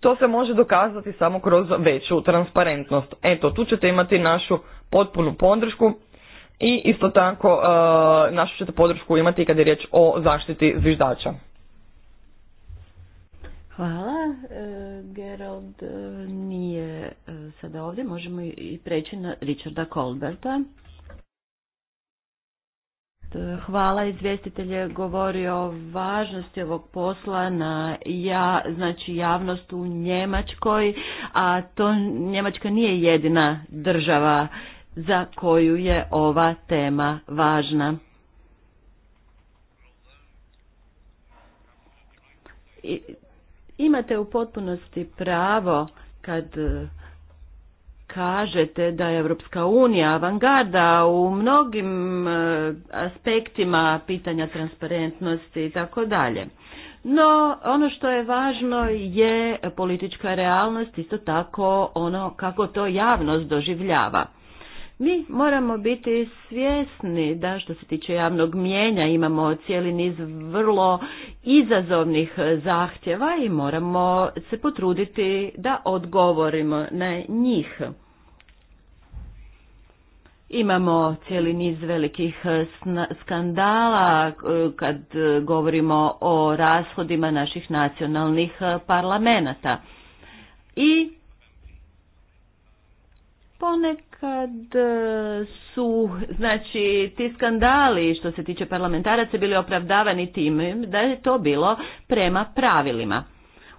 to se može dokazati samo kroz veću transparentnost. Eto, tu ćete imati našu potpunu podršku i isto tako e, našu ćete podršku imati kad je riječ o zaštiti zviždača. Hvala. E, Gerald e, nije e, sada ovdje. Možemo i preći na Richarda Colberta. Hvala, izvjestitelj je govorio o važnosti ovog posla na ja, znači javnost u Njemačkoj, a to Njemačka nije jedina država za koju je ova tema važna. I, Imate u potpunosti pravo kad e, kažete da je Europska unija avangarda u mnogim e, aspektima pitanja transparentnosti i tako dalje. No, ono što je važno je politička realnost, isto tako ono kako to javnost doživljava. Mi moramo biti svjesni da što se tiče javnog mijenja imamo cijeli niz vrlo izazovnih zahtjeva i moramo se potruditi da odgovorimo na njih. Imamo cijeli niz velikih skandala kad govorimo o rashodima naših nacionalnih parlamenta. I Ponekad e, su, znači, ti skandali što se tiče parlamentaraca bili opravdavani tim da je to bilo prema pravilima.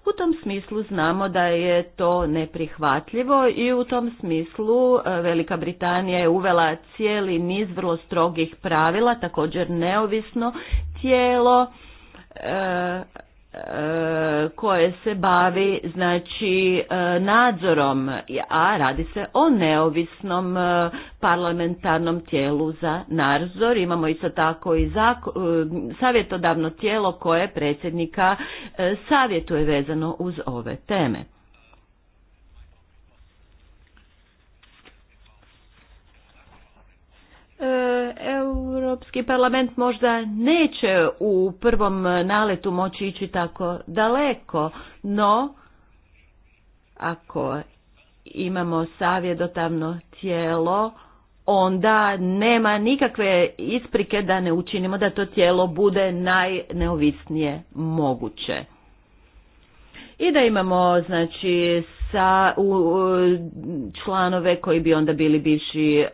U tom smislu znamo da je to neprihvatljivo i u tom smislu e, Velika Britanija je uvela cijeli niz vrlo strogih pravila, također neovisno tijelo, e, E, koje se bavi znači e, nadzorom, a radi se o neovisnom e, parlamentarnom tijelu za nadzor. Imamo isto tako i savjetodavno tijelo koje predsjednika savjetuje vezano uz ove teme. E, Europski parlament možda neće u prvom naletu moći ići tako daleko, no ako imamo savjedotavno tijelo, onda nema nikakve isprike da ne učinimo da to tijelo bude najneovisnije moguće. I da imamo znači za u, članove koji bi onda bili bivši e,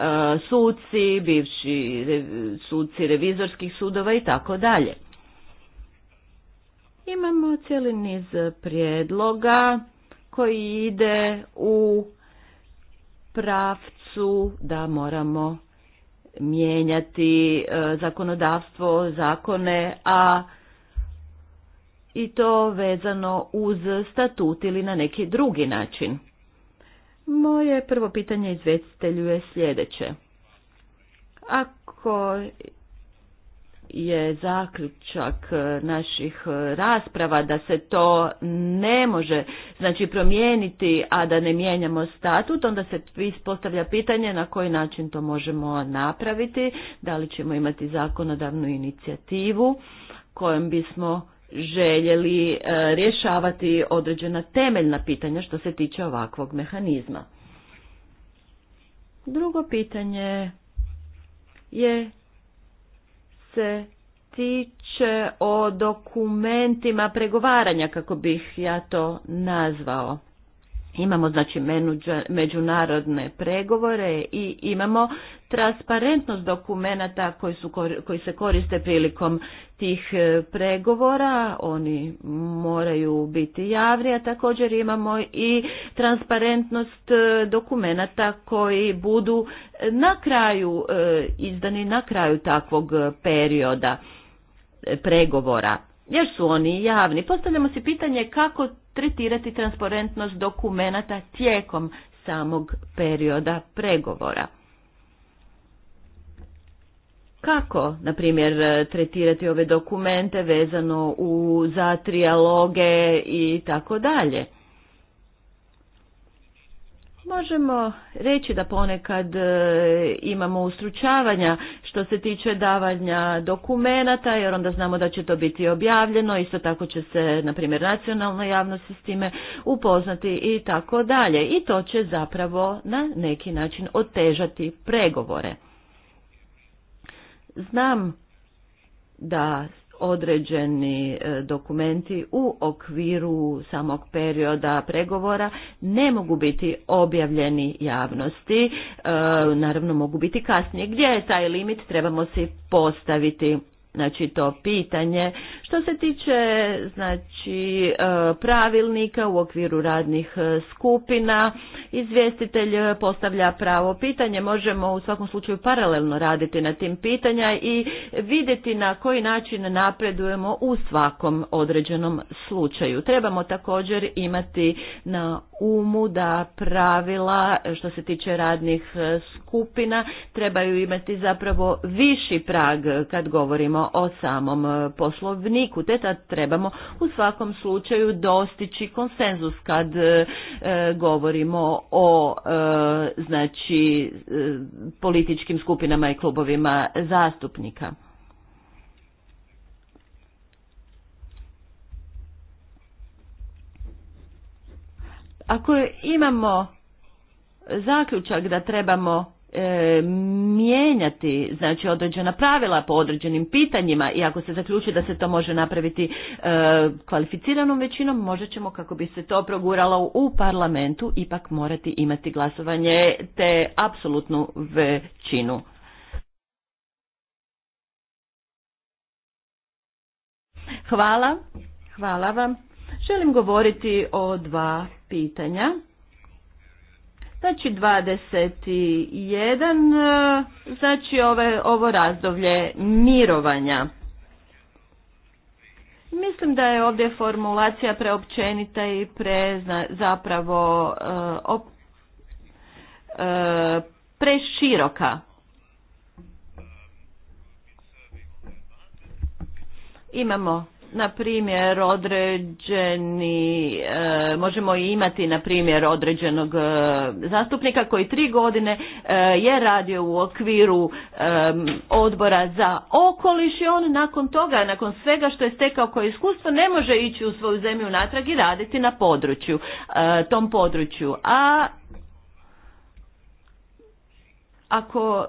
suci, bivši re, suci revizorskih sudova i tako dalje. Imamo cijeli niz prijedloga koji ide u pravcu da moramo mijenjati e, zakonodavstvo, zakone, a i to vezano uz statut ili na neki drugi način. Moje prvo pitanje izvjestitelju je sljedeće. Ako je zaključak naših rasprava da se to ne može znači promijeniti, a da ne mijenjamo statut, onda se postavlja pitanje na koji način to možemo napraviti, da li ćemo imati zakonodavnu inicijativu kojom bismo željeli e, rješavati određena temeljna pitanja što se tiče ovakvog mehanizma. Drugo pitanje je se tiče o dokumentima pregovaranja, kako bih ja to nazvao. Imamo znači međunarodne pregovore i imamo transparentnost dokumenata koji, su, koji se koriste prilikom tih e, pregovora, oni moraju biti javni, a također imamo i transparentnost e, dokumenata koji budu na kraju e, izdani na kraju takvog perioda pregovora jer su oni javni. Postavljamo si pitanje kako tretirati transparentnost dokumenata tijekom samog perioda pregovora. Kako, na primjer, tretirati ove dokumente vezano u za trijaloge i tako dalje? Možemo reći da ponekad e, imamo ustručavanja što se tiče davanja dokumenata, jer onda znamo da će to biti objavljeno, isto tako će se, na primjer, nacionalna javnost s time upoznati i tako dalje. I to će zapravo na neki način otežati pregovore. Znam da određeni e, dokumenti u okviru samog perioda pregovora ne mogu biti objavljeni javnosti, e, naravno mogu biti kasnije. Gdje je taj limit, trebamo si postaviti znači to pitanje. Što se tiče znači e, pravilnika u okviru radnih e, skupina, izvjestitelj e, postavlja pravo pitanje, možemo u svakom slučaju paralelno raditi na tim pitanja i vidjeti na koji način napredujemo u svakom određenom slučaju. Trebamo također imati na umu da pravila što se tiče radnih e, skupina trebaju imati zapravo viši prag kad govorimo o samom e, poslovniku, te tad trebamo u svakom slučaju dostići konsenzus kad e, govorimo o znači političkim skupinama i klubovima zastupnika. Ako imamo zaključak da trebamo e, mijenjati znači određena pravila po određenim pitanjima i ako se zaključi da se to može napraviti e, kvalificiranom većinom, možda ćemo kako bi se to proguralo u parlamentu ipak morati imati glasovanje te apsolutnu većinu. Hvala. Hvala vam. Želim govoriti o dva pitanja. Znači 21, eh, znači ove, ovo razdoblje mirovanja. Mislim da je ovdje formulacija preopćenita i pre zapravo eh, eh, preširoka. Imamo na primjer određeni, e, možemo imati na primjer određenog e, zastupnika koji tri godine e, je radio u okviru e, odbora za okoliš i on nakon toga, nakon svega što je stekao koje iskustvo ne može ići u svoju zemlju natrag i raditi na području, tom području. A ako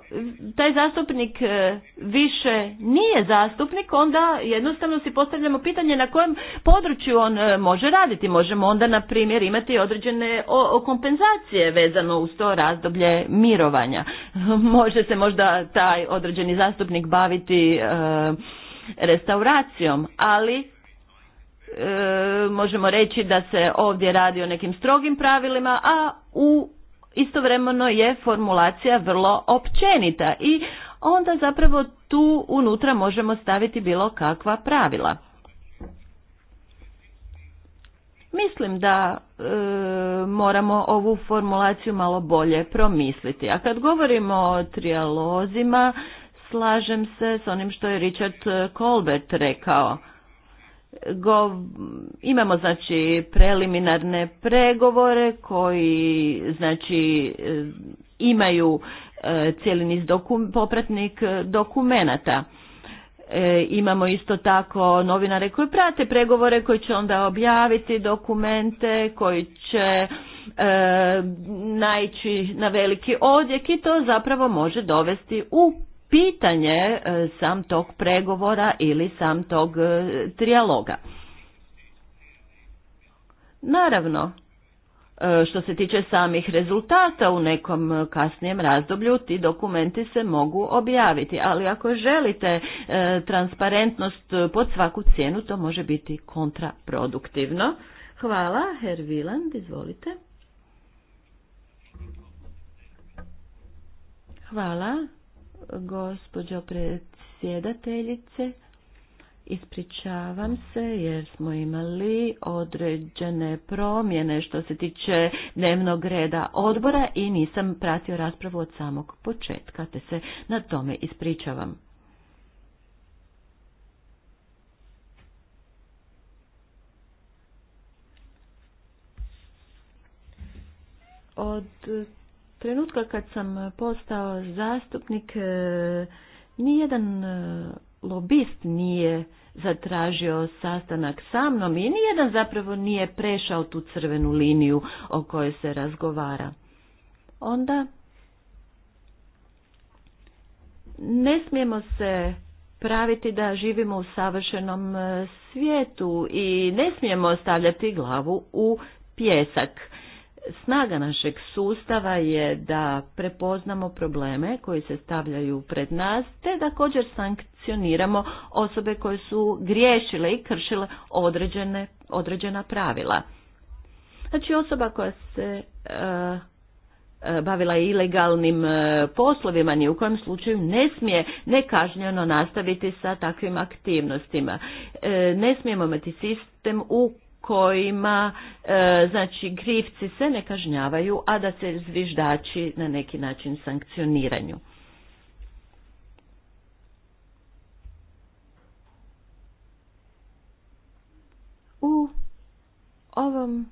taj zastupnik e, više nije zastupnik, onda jednostavno si postavljamo pitanje na kojem području on e, može raditi. Možemo onda, na primjer, imati određene kompenzacije vezano uz to razdoblje mirovanja. Može se možda taj određeni zastupnik baviti e, restauracijom, ali možemo reći da se ovdje radi o nekim strogim pravilima, a u istovremeno je formulacija vrlo općenita i onda zapravo tu unutra možemo staviti bilo kakva pravila. Mislim da e, moramo ovu formulaciju malo bolje promisliti. A kad govorimo o trijalozima, slažem se s onim što je Richard Colbert rekao. Go, imamo znači preliminarne pregovore koji znači e, imaju e, cijeli niz popratnih popratnik e, dokumenata. imamo isto tako novinare koji prate pregovore, koji će onda objaviti dokumente, koji će e, naići na veliki odjek i to zapravo može dovesti u pitanje e, sam tog pregovora ili sam tog e, trijaloga. Naravno, e, što se tiče samih rezultata u nekom kasnijem razdoblju, ti dokumenti se mogu objaviti, ali ako želite transparentnost pod svaku cijenu, to može biti kontraproduktivno. Hvala, Herr Wieland, izvolite. Hvala gospođo predsjedateljice. Ispričavam se jer smo imali određene promjene što se tiče dnevnog reda odbora i nisam pratio raspravu od samog početka, te se na tome ispričavam. Od trenutka kad sam postao zastupnik, e, nijedan e, lobist nije zatražio sastanak sa mnom i nijedan zapravo nije prešao tu crvenu liniju o kojoj se razgovara. Onda ne smijemo se praviti da živimo u savršenom e, svijetu i ne smijemo stavljati glavu u pjesak. Snaga našeg sustava je da prepoznamo probleme koji se stavljaju pred nas, te također sankcioniramo osobe koje su griješile i kršile određene, određena pravila. Znači osoba koja se e, e, bavila ilegalnim e, poslovima, ni u kojem slučaju ne smije nekažnjeno nastaviti sa takvim aktivnostima. Ne smijemo imati sistem u kojima e, znači krivci se ne kažnjavaju, a da se zviždači na neki način sankcioniranju. U ovom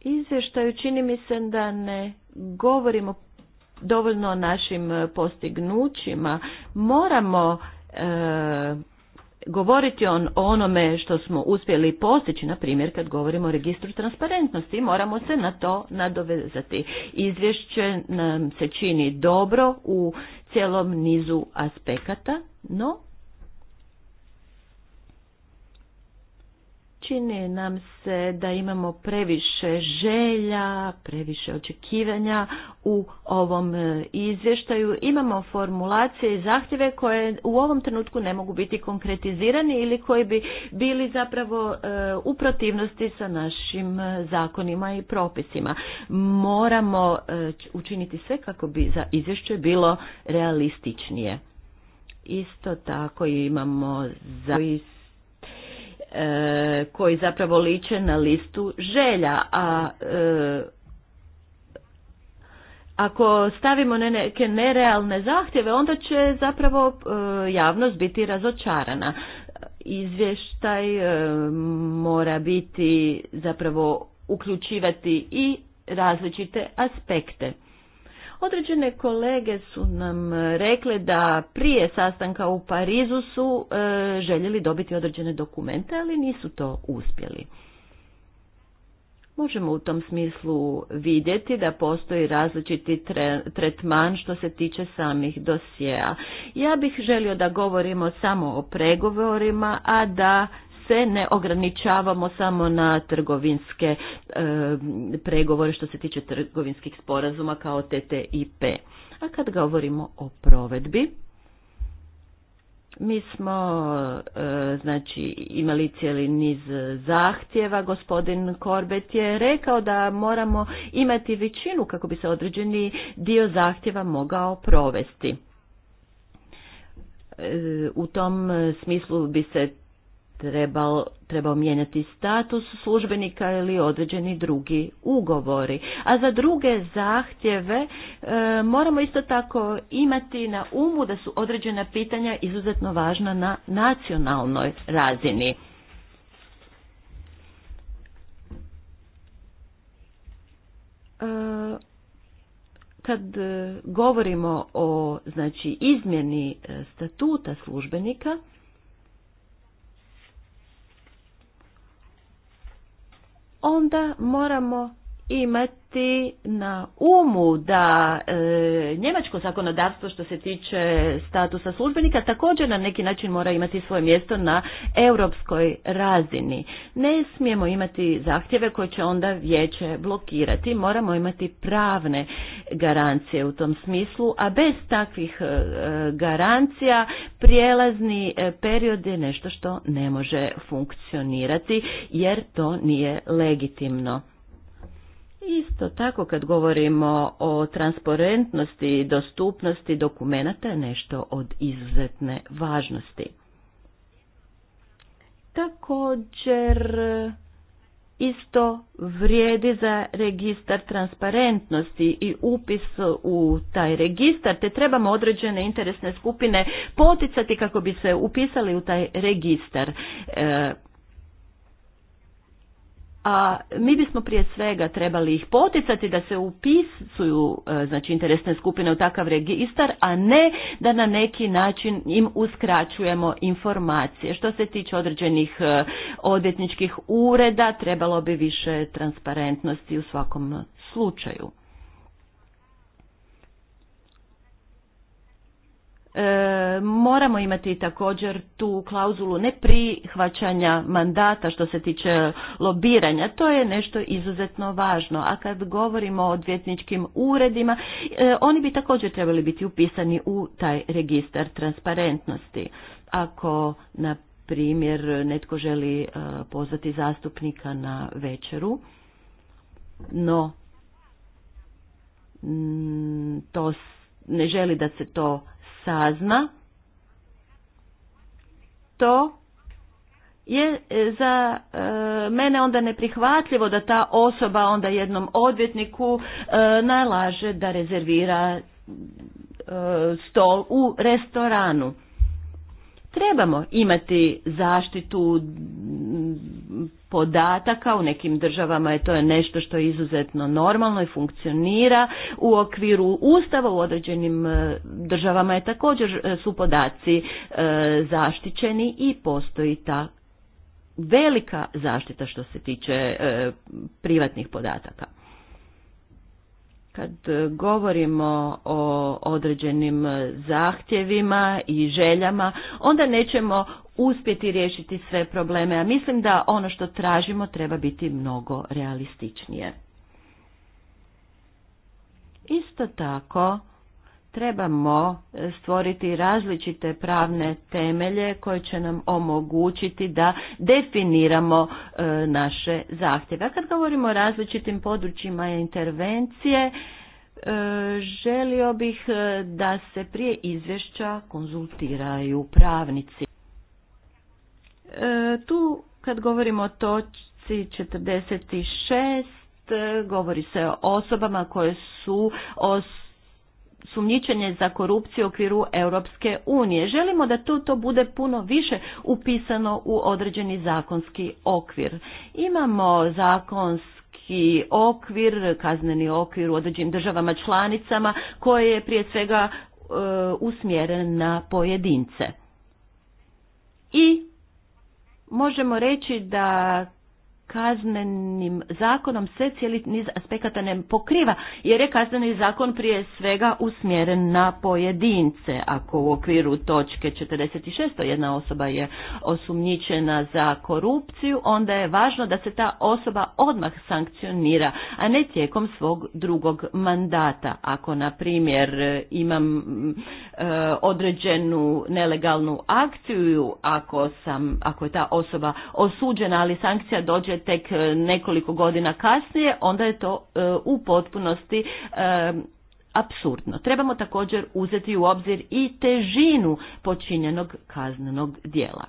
izvještaju čini mi se da ne govorimo dovoljno o našim postignućima. Moramo e, govoriti on, o onome što smo uspjeli postići, na primjer kad govorimo o registru transparentnosti, moramo se na to nadovezati. Izvješće nam se čini dobro u cijelom nizu aspekata, no Čini nam se da imamo previše želja, previše očekivanja u ovom e, izvještaju. Imamo formulacije i zahtjeve koje u ovom trenutku ne mogu biti konkretizirani ili koji bi bili zapravo e, u protivnosti sa našim e, zakonima i propisima. Moramo učiniti sve kako bi za izvješće bilo realističnije. Isto tako imamo za E, koji zapravo liče na listu želja, a e, ako stavimo neke nerealne zahtjeve, onda će zapravo e, javnost biti razočarana. Izvještaj mora biti zapravo uključivati i različite aspekte. Određene kolege su nam e, rekle da prije sastanka u Parizu su e, željeli dobiti određene dokumente, ali nisu to uspjeli. Možemo u tom smislu vidjeti da postoji različiti tretman što se tiče samih dosjea. Ja bih želio da govorimo samo o pregovorima, a da se ne ograničavamo samo na trgovinske e, pregovore što se tiče trgovinskih sporazuma kao TTIP. A kad govorimo o provedbi, mi smo e, znači imali cijeli niz zahtjeva, gospodin Korbet je rekao da moramo imati većinu kako bi se određeni dio zahtjeva mogao provesti. E, u tom smislu bi se trebao, trebao mijenjati status službenika ili određeni drugi ugovori. A za druge zahtjeve e, moramo isto tako imati na umu da su određena pitanja izuzetno važna na nacionalnoj razini. E, kad govorimo o znači izmjeni e, statuta službenika, onda moramo imati na umu da e, njemačko zakonodavstvo što se tiče statusa službenika također na neki način mora imati svoje mjesto na europskoj razini. Ne smijemo imati zahtjeve koje će onda vijeće blokirati, moramo imati pravne garancije u tom smislu, a bez takvih e, garancija prijelazni e, period je nešto što ne može funkcionirati jer to nije legitimno. Isto tako kad govorimo o transparentnosti i dostupnosti dokumenata je nešto od izuzetne važnosti. Također isto vrijedi za registar transparentnosti i upis u taj registar, te trebamo određene interesne skupine poticati kako bi se upisali u taj registar. E, a mi bismo prije svega trebali ih poticati da se upisuju e, znači interesne skupine u takav registar, a ne da na neki način im uskraćujemo informacije. Što se tiče određenih e, odvjetničkih ureda, trebalo bi više transparentnosti u svakom slučaju. E, moramo imati također tu klauzulu neprihvaćanja mandata što se tiče lobiranja. To je nešto izuzetno važno. A kad govorimo o odvjetničkim uredima, e, oni bi također trebali biti upisani u taj registar transparentnosti. Ako, na primjer, netko želi e, pozvati zastupnika na večeru, no to ne želi da se to sazna, to je e, za e, mene onda neprihvatljivo da ta osoba onda jednom odvjetniku e, nalaže da rezervira stol u restoranu trebamo imati zaštitu podataka, u nekim državama je to je nešto što je izuzetno normalno i funkcionira, u okviru ustava u određenim e, državama je također e, su podaci e, zaštićeni i postoji ta velika zaštita što se tiče privatnih podataka. Kad e, govorimo o određenim e, zahtjevima i željama, onda nećemo uspjeti riješiti sve probleme, a mislim da ono što tražimo treba biti mnogo realističnije. Isto tako, trebamo stvoriti različite pravne temelje koje će nam omogućiti da definiramo e, naše zahtjeve. A kad govorimo o različitim područjima intervencije, e, želio bih e, da se prije izvješća konzultiraju pravnici. tu kad govorimo o točci 46, govori se o osobama koje su os sumnjičenje za korupciju u okviru Europske unije. Želimo da to, to bude puno više upisano u određeni zakonski okvir. Imamo zakonski okvir, kazneni okvir u određenim državama članicama koje je prije svega e, usmjeren na pojedince. I možemo reći da kaznenim zakonom se cijeli niz aspekata ne pokriva, jer je kazneni zakon prije svega usmjeren na pojedince. Ako u okviru točke 46. jedna osoba je osumnjičena za korupciju, onda je važno da se ta osoba odmah sankcionira, a ne tijekom svog drugog mandata. Ako, na primjer, imam e, određenu nelegalnu akciju, ako, sam, ako je ta osoba osuđena, ali sankcija dođe tek e, nekoliko godina kasnije, onda je to e, u potpunosti e, apsurdno. Trebamo također uzeti u obzir i težinu počinjenog kaznenog dijela.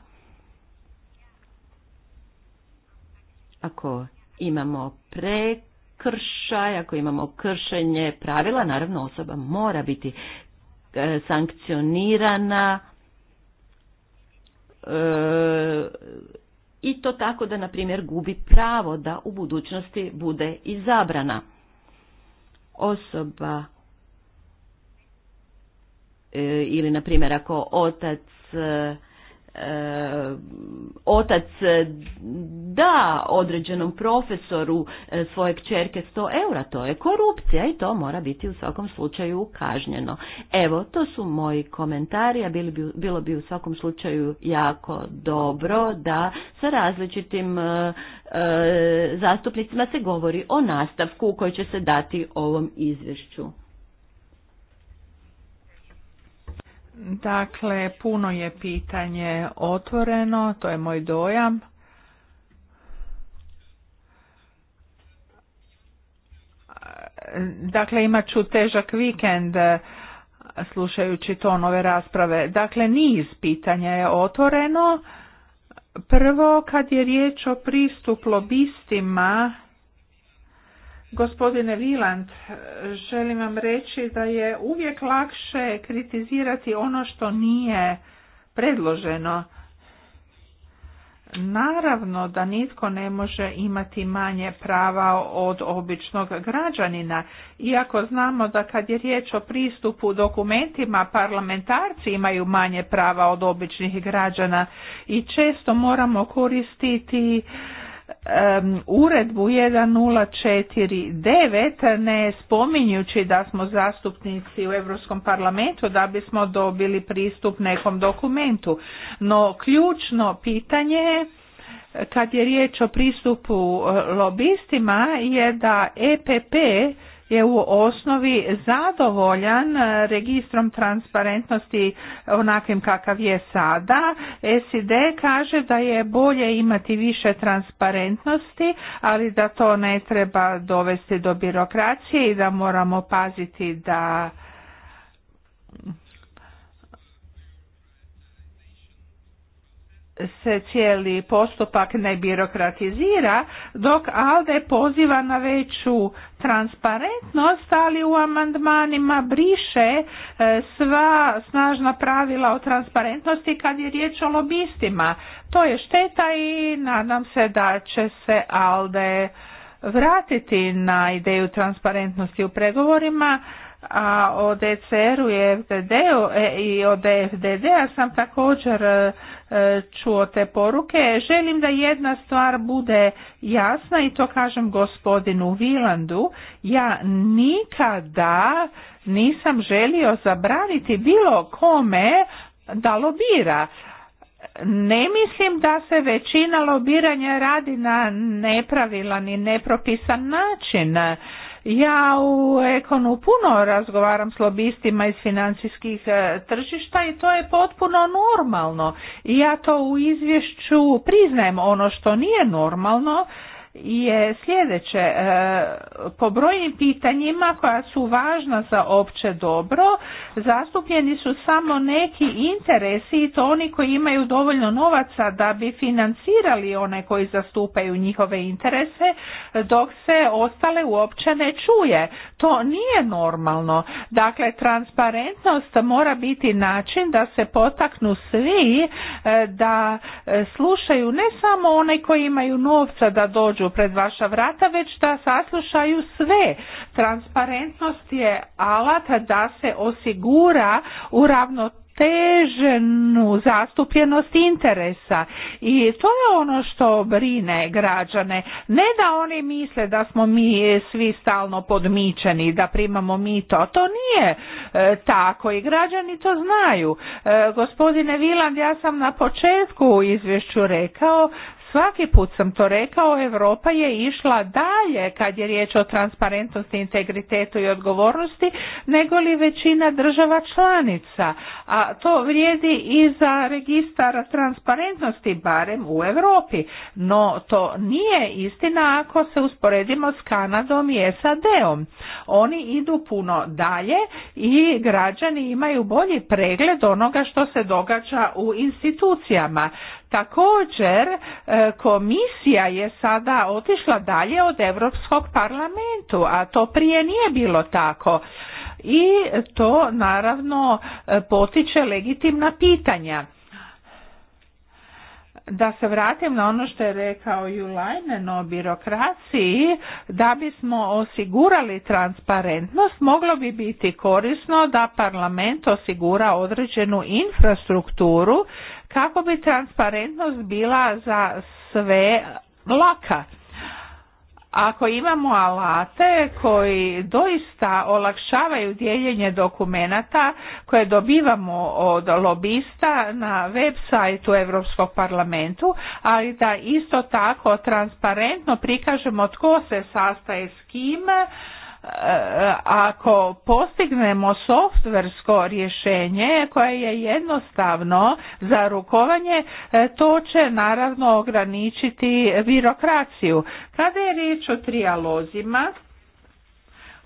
Ako imamo prekršaj, ako imamo kršenje pravila, naravno osoba mora biti sankcionirana, i to tako da, na primjer, gubi pravo da u budućnosti bude izabrana. Osoba e, ili, na primjer, ako otac e, E, otac e, da određenom profesoru e, svoje kćerke 100 eura, to je korupcija i to mora biti u svakom slučaju kažnjeno. Evo, to su moji komentari, a bi, bilo bi u svakom slučaju jako dobro da sa različitim zastupnicima se govori o nastavku koji će se dati ovom izvješću. Dakle, puno je pitanje otvoreno, to je moj dojam. Dakle, imat ću težak vikend slušajući ove rasprave. Dakle, niz pitanja je otvoreno. Prvo, kad je riječ o pristup lobistima, Gospodine Viland, želim vam reći da je uvijek lakše kritizirati ono što nije predloženo. Naravno da nitko ne može imati manje prava od običnog građanina, iako znamo da kad je riječ o pristupu dokumentima, parlamentarci imaju manje prava od običnih građana i često moramo koristiti um, uredbu 1049 ne spominjući da smo zastupnici u Europskom parlamentu da bismo dobili pristup nekom dokumentu. No ključno pitanje kad je riječ o pristupu e, lobistima je da EPP je u osnovi zadovoljan e, registrom transparentnosti onakvim kakav je sada. SID kaže da je bolje imati više transparentnosti, ali da to ne treba dovesti do birokracije i da moramo paziti da se cijeli postupak ne birokratizira, dok ALDE poziva na veću transparentnost, ali u amandmanima briše e, sva snažna pravila o transparentnosti kad je riječ o lobistima. To je šteta i nadam se da će se ALDE vratiti na ideju transparentnosti u pregovorima, a o DCR-u i fdd e, i od FDD-a sam također e, E, čuo te poruke. Želim da jedna stvar bude jasna i to kažem gospodinu Vilandu. Ja nikada nisam želio zabraniti bilo kome da lobira. Ne mislim da se većina lobiranja radi na nepravilan i nepropisan način. Ja u Ekonu puno razgovaram s lobistima iz financijskih e, tržišta i to je potpuno normalno. I ja to u izvješću priznajem ono što nije normalno je sljedeće. E, po brojnim pitanjima koja su važna za opće dobro, zastupljeni su samo neki interesi i to oni koji imaju dovoljno novaca da bi financirali one koji zastupaju njihove interese, dok se ostale uopće ne čuje. To nije normalno. Dakle, transparentnost mora biti način da se potaknu svi e, da e, slušaju ne samo one koji imaju novca da dođu pred vaša vrata, već da saslušaju sve. Transparentnost je alat da se osigura uravnoteženu teženu zastupljenost interesa i to je ono što brine građane. Ne da oni misle da smo mi svi stalno podmičeni, da primamo mi to nije e, tako i građani to znaju. E, gospodine Viland, ja sam na početku u izvješću rekao Svaki put sam to rekao, Europa je išla dalje kad je riječ o transparentnosti, integritetu i odgovornosti, nego li većina država članica. A to vrijedi i za registar transparentnosti, barem u Europi. No to nije istina ako se usporedimo s Kanadom i SAD-om. Oni idu puno dalje i građani imaju bolji pregled onoga što se događa u institucijama. Također e, komisija je sada otišla dalje od Europskog parlamentu, a to prije nije bilo tako. I to naravno e, potiče legitimna pitanja. Da se vratim na ono što je rekao Julajnen o birokraciji, da bismo osigurali transparentnost, moglo bi biti korisno da parlament osigura određenu infrastrukturu kako bi transparentnost bila za sve laka. Ako imamo alate koji doista olakšavaju dijeljenje dokumenata koje dobivamo od lobista na web sajtu Europskog parlamentu, ali da isto tako transparentno prikažemo tko se sastaje s kim, E, ako postignemo softversko rješenje koje je jednostavno za rukovanje, e, to će naravno ograničiti birokraciju. Kada je riječ o trijalozima,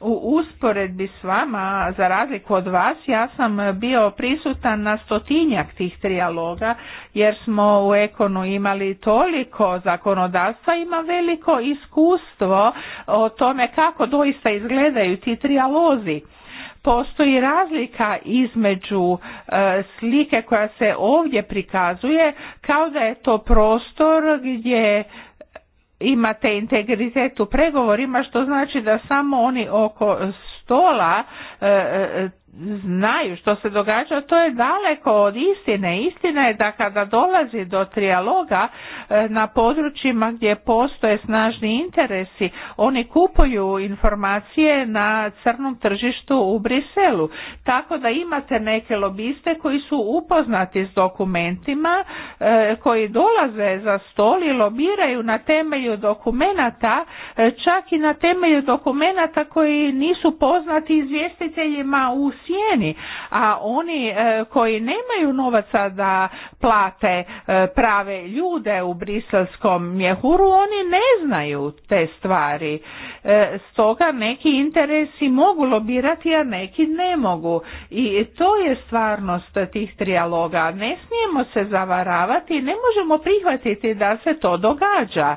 u usporedbi s vama, za razliku od vas, ja sam bio prisutan na stotinjak tih trijaloga, jer smo u Ekonu imali toliko zakonodavstva, ima veliko iskustvo o tome kako doista izgledaju ti trijalozi. Postoji razlika između e, slike koja se ovdje prikazuje, kao da je to prostor gdje imate integritet u pregovorima što znači da samo oni oko stola e, e, znaju što se događa, to je daleko od istine. Istina je da kada dolazi do trijaloga e, na područjima gdje postoje snažni interesi, oni kupuju informacije na crnom tržištu u Briselu. Tako da imate neke lobiste koji su upoznati s dokumentima, e, koji dolaze za stol i lobiraju na temelju dokumenata, e, čak i na temelju dokumenata koji nisu poznati izvjestiteljima u sjeni, a oni e, koji nemaju novaca da plate e, prave ljude u briselskom mjehuru, oni ne znaju te stvari. E, stoga neki interesi mogu lobirati, a neki ne mogu. I to je stvarnost tih trijaloga. Ne smijemo se zavaravati, ne možemo prihvatiti da se to događa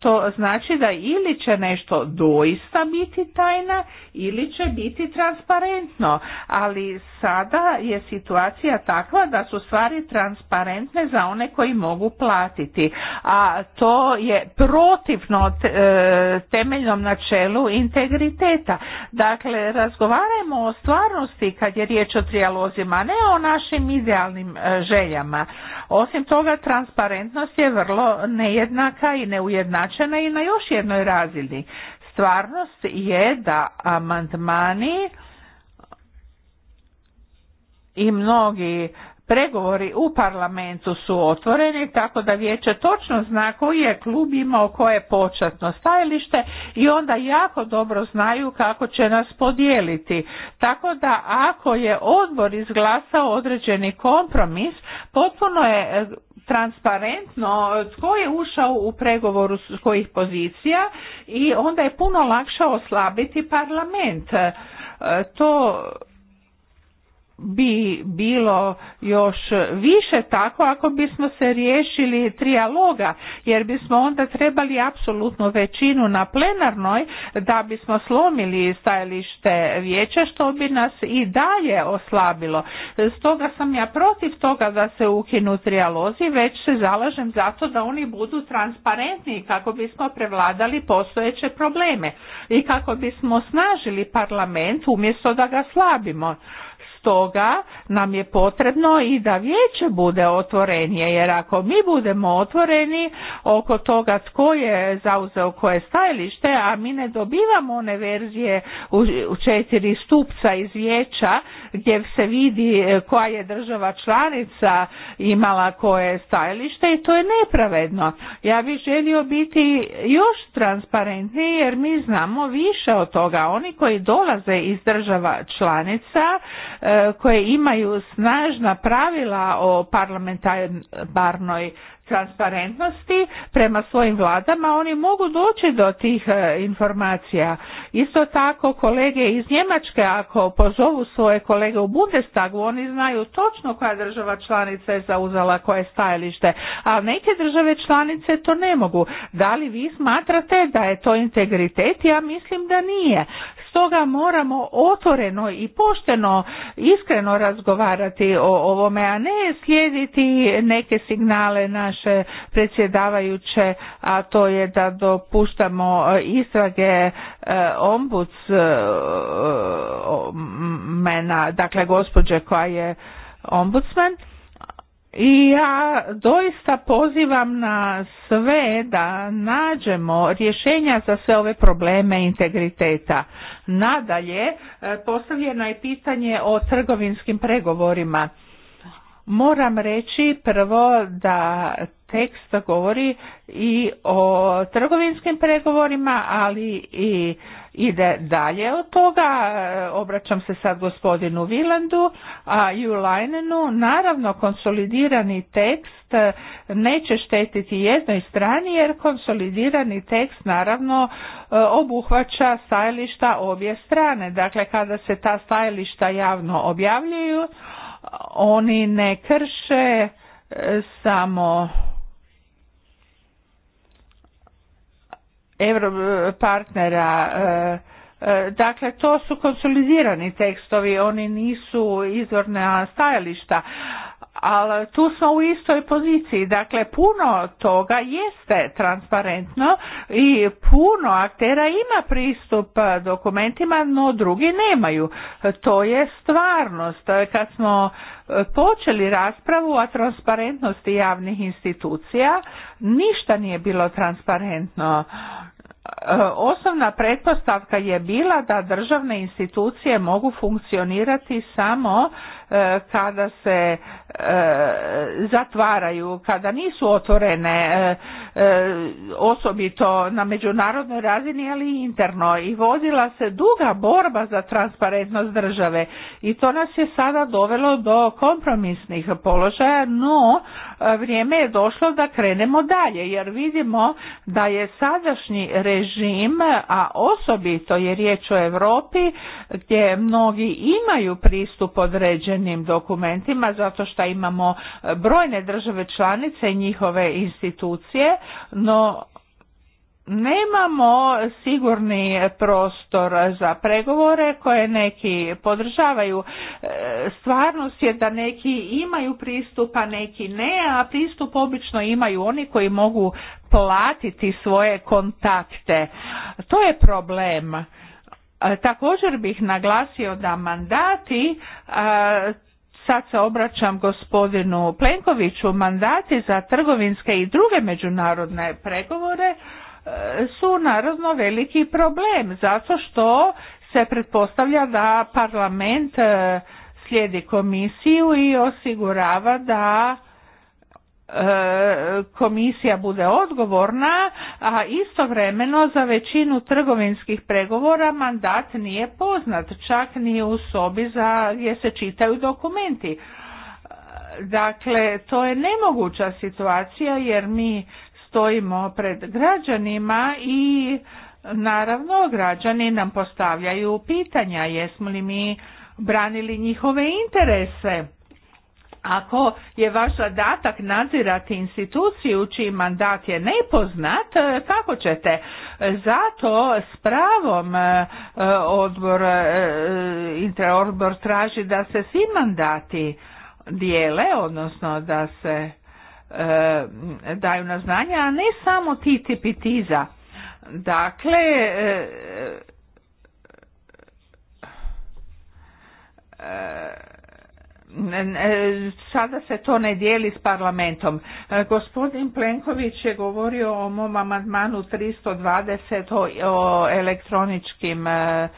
to znači da ili će nešto doista biti tajna ili će biti transparentno, ali sada je situacija takva da su stvari transparentne za one koji mogu platiti, a to je protivno e, temeljnom načelu integriteta. Dakle, razgovarajmo o stvarnosti kad je riječ o trijalozima, a ne o našim idealnim e, željama. Osim toga, transparentnost je vrlo nejednaka i neujednačena značajna i na još jednoj razini. Stvarnost je da amandmani i mnogi Pregovori u parlamentu su otvoreni tako da vijeće točno zna koji je klub imao koje početno stajalište i onda jako dobro znaju kako će nas podijeliti. Tako da ako je odbor izglasao određeni kompromis, potpuno je e, transparentno tko je ušao u pregovoru s kojih pozicija i onda je puno lakše oslabiti parlament. E, to bi bilo još više tako ako bismo se riješili trijaloga jer bismo onda trebali apsolutnu većinu na plenarnoj da bismo slomili stajalište vijeća što bi nas i dalje oslabilo. Stoga sam ja protiv toga da se ukinu trijalozi već se zalažem za to da oni budu transparentni kako bismo prevladali postojeće probleme i kako bismo snažili parlament umjesto da ga slabimo toga nam je potrebno i da vijeće bude otvorenije, jer ako mi budemo otvoreni oko toga tko je zauzeo koje stajalište, a mi ne dobivamo one verzije u četiri stupca iz vijeća gdje se vidi e, koja je država članica imala koje stajalište i to je nepravedno. Ja bih želio biti još transparentniji jer mi znamo više od toga. Oni koji dolaze iz država članica e, E, koje imaju snažna pravila o parlamentarnoj transparentnosti prema svojim vladama, oni mogu doći do tih e, informacija. Isto tako kolege iz Njemačke ako pozovu svoje kolege u Bundestagu, oni znaju točno koja država članica je zauzala koje stajalište, a neke države članice to ne mogu. Da li vi smatrate da je to integritet? Ja mislim da nije. Stoga moramo otvoreno i pošteno, iskreno razgovarati o ovome, a ne slijediti neke signale naše predsjedavajuće, a to je da dopuštamo e, istrage e, ombudsmena, dakle gospođe koja je ombudsman i ja doista pozivam na sve da nađemo rješenja za sve ove probleme integriteta. Nadalje, e, postavljeno je pitanje o trgovinskim pregovorima. Moram reći prvo da tekst govori i o trgovinskim pregovorima, ali i ide dalje od toga. Obraćam se sad gospodinu Vilandu, a i Lajnenu. naravno konsolidirani tekst neće štetiti jednoj strani jer konsolidirani tekst naravno obuhvaća stajališta obje strane. Dakle, kada se ta stajališta javno objavljuju, oni ne krše e, samo Eh, partnera. Eh, eh, dakle, to su konsolidirani tekstovi, oni nisu izvorna stajališta, ali tu smo u istoj poziciji. Dakle, puno toga jeste transparentno i puno aktera ima pristup e, dokumentima, no drugi nemaju. To je stvarnost. Kad smo e, počeli raspravu o transparentnosti javnih institucija, ništa nije bilo transparentno e, osnovna pretpostavka je bila da državne institucije mogu funkcionirati samo E, kada se e, zatvaraju, kada nisu otvorene e, osobito na međunarodnoj razini ali i interno i vodila se duga borba za transparentnost države i to nas je sada dovelo do kompromisnih položaja, no vrijeme je došlo da krenemo dalje jer vidimo da je sadašnji režim, a osobito je riječ o Europi gdje mnogi imaju pristup određen temeljnim dokumentima zato što imamo e, brojne države članice i njihove institucije, no nemamo sigurni prostor za pregovore koje neki podržavaju. E, stvarnost je da neki imaju pristup, a neki ne, a pristup obično imaju oni koji mogu platiti svoje kontakte. To je problem Također bih naglasio da mandati sad se obraćam gospodinu Plenkoviću, mandati za trgovinske i druge međunarodne pregovore su naravno veliki problem zato što se pretpostavlja da parlament slijedi komisiju i osigurava da E, komisija bude odgovorna, a istovremeno za većinu trgovinskih pregovora mandat nije poznat, čak ni u sobi za gdje se čitaju dokumenti. Dakle, to je nemoguća situacija jer mi stojimo pred građanima i naravno građani nam postavljaju pitanja jesmo li mi branili njihove interese ako je vaš zadatak nadzirati instituciju čiji mandat je nepoznat, e, kako ćete? Zato s pravom e, e, odbor, intraodbor traži da se svi mandati dijele, odnosno da se daju na znanje, a ne samo ti i Dakle, sada se to ne dijeli s parlamentom. E, gospodin Plenković je govorio o mom amandmanu 320 o elektroničkim e,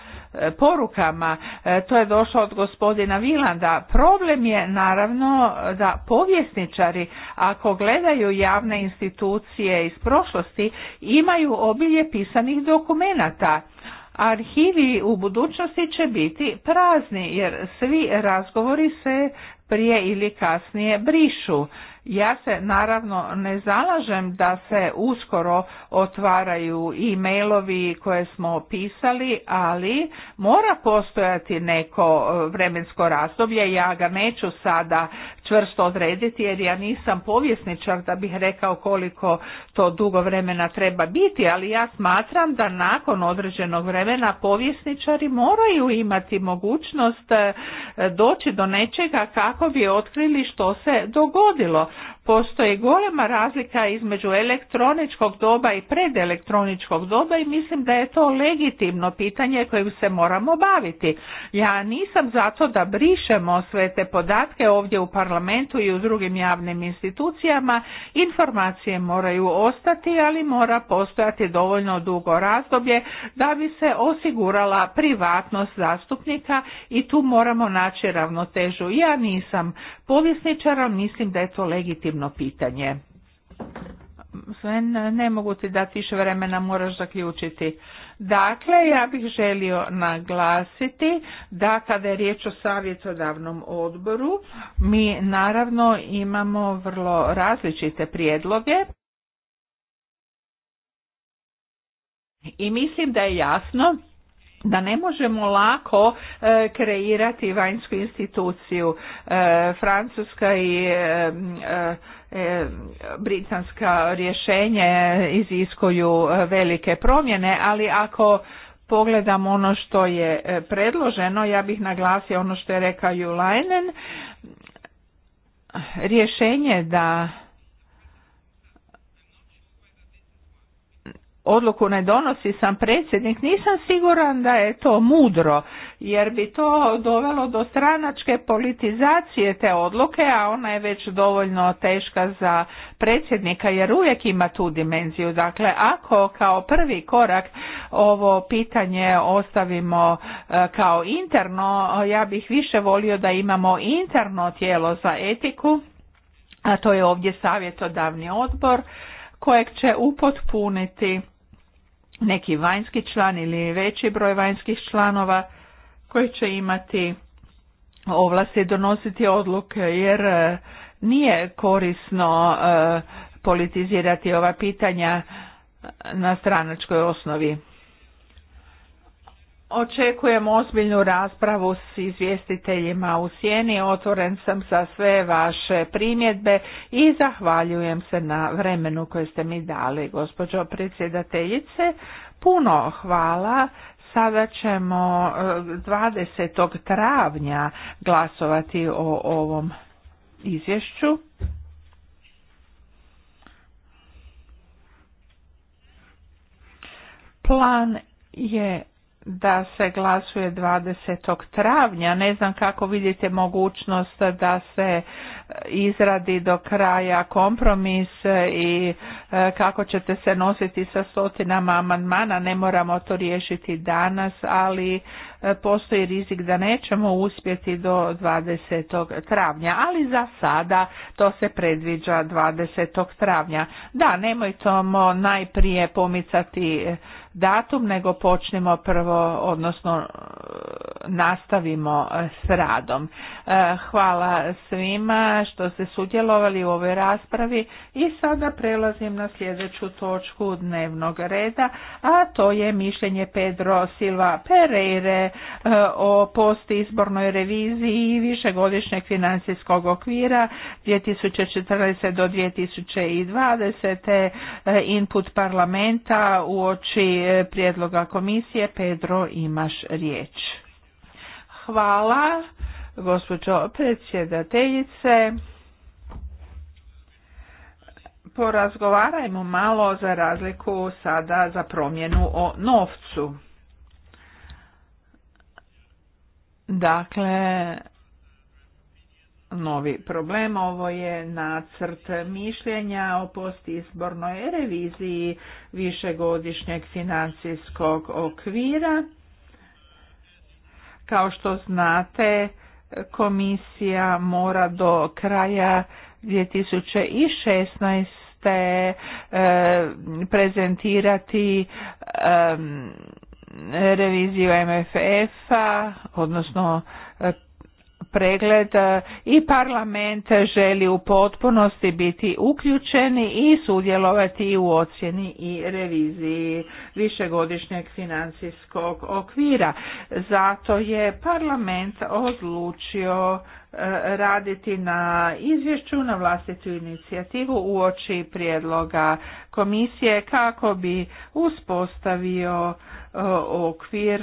porukama. E, to je došlo od gospodina Vilanda. Problem je naravno da povjesničari ako gledaju javne institucije iz prošlosti imaju obilje pisanih dokumenata arhivi u budućnosti će biti prazni jer svi razgovori se prije ili kasnije brišu. Ja se naravno ne zalažem da se uskoro otvaraju i mailovi koje smo pisali, ali mora postojati neko e, vremensko razdoblje, ja ga neću sada čvrsto odrediti jer ja nisam povjesničar da bih rekao koliko to dugo vremena treba biti, ali ja smatram da nakon određenog vremena povjesničari moraju imati mogućnost e, doći do nečega kako bi otkrili što se dogodilo. Postoji golema razlika između elektroničkog doba i predelektroničkog doba i mislim da je to legitimno pitanje kojim se moramo baviti. Ja nisam zato da brišemo sve te podatke ovdje u parlamentu i u drugim javnim institucijama. Informacije moraju ostati, ali mora postojati dovoljno dugo razdoblje da bi se osigurala privatnost zastupnika i tu moramo naći ravnotežu. Ja nisam povjesničar, mislim da je to legitimno pitanje. Sven, ne mogu ti dati više vremena, moraš zaključiti. Dakle, ja bih želio naglasiti da kada je riječ o savjetodavnom odboru, mi naravno imamo vrlo različite prijedloge. I mislim da je jasno da ne možemo lako e, kreirati vanjsku instituciju. E, Francuska i e, britanska rješenje iziskuju velike promjene, ali ako pogledam ono što je predloženo, ja bih naglasio ono što je rekao Julajnen, rješenje da odluku ne donosi sam predsjednik, nisam siguran da je to mudro, jer bi to dovelo do stranačke politizacije te odluke, a ona je već dovoljno teška za predsjednika, jer uvijek ima tu dimenziju. Dakle, ako kao prvi korak ovo pitanje ostavimo e, kao interno, ja bih više volio da imamo interno tijelo za etiku, a to je ovdje savjetodavni odbor, kojeg će upotpuniti neki vanjski član ili veći broj vanjskih članova koji će imati ovlasti donositi odluke jer e, nije korisno e, politizirati ova pitanja e, na stranačkoj osnovi. Očekujem ozbiljnu raspravu s izvjestiteljima u sjeni, otvoren sam za sve vaše primjedbe i zahvaljujem se na vremenu koje ste mi dali, gospođo predsjedateljice. Puno hvala, sada ćemo 20. Eh, travnja glasovati o ovom izvješću. Plan je da se glasuje 20. travnja. Ne znam kako vidite mogućnost da se e, izradi do kraja kompromis e, i e, kako ćete se nositi sa stotinama amandmana. Ne moramo to riješiti danas, ali postoji rizik da nećemo uspjeti do 20. travnja, ali za sada to se predviđa 20. travnja. Da, nemojte najprije pomicati datum, nego počnemo prvo, odnosno e, nastavimo e, s radom. E, hvala svima što ste sudjelovali u ovoj raspravi i sada prelazim na sljedeću točku dnevnog reda, a to je mišljenje Pedro Silva Pereire o postizbornoj reviziji višegodišnjeg financijskog okvira 2014. do 2020. input parlamenta u oči prijedloga komisije. Pedro, imaš riječ. Hvala, gospođo predsjedateljice. Porazgovarajmo malo za razliku sada za promjenu o novcu. Dakle, novi problem. Ovo je nacrt mišljenja o postizbornoj reviziji višegodišnjeg financijskog okvira. Kao što znate, komisija mora do kraja 2016 e, prezentirati reviziju MFF-a, odnosno pregled e, i parlament želi u potpunosti biti uključeni i sudjelovati u ocjeni i reviziji višegodišnjeg financijskog okvira. Zato je parlament odlučio e, raditi na izvješću na vlastitu inicijativu u oči prijedloga komisije kako bi uspostavio okvir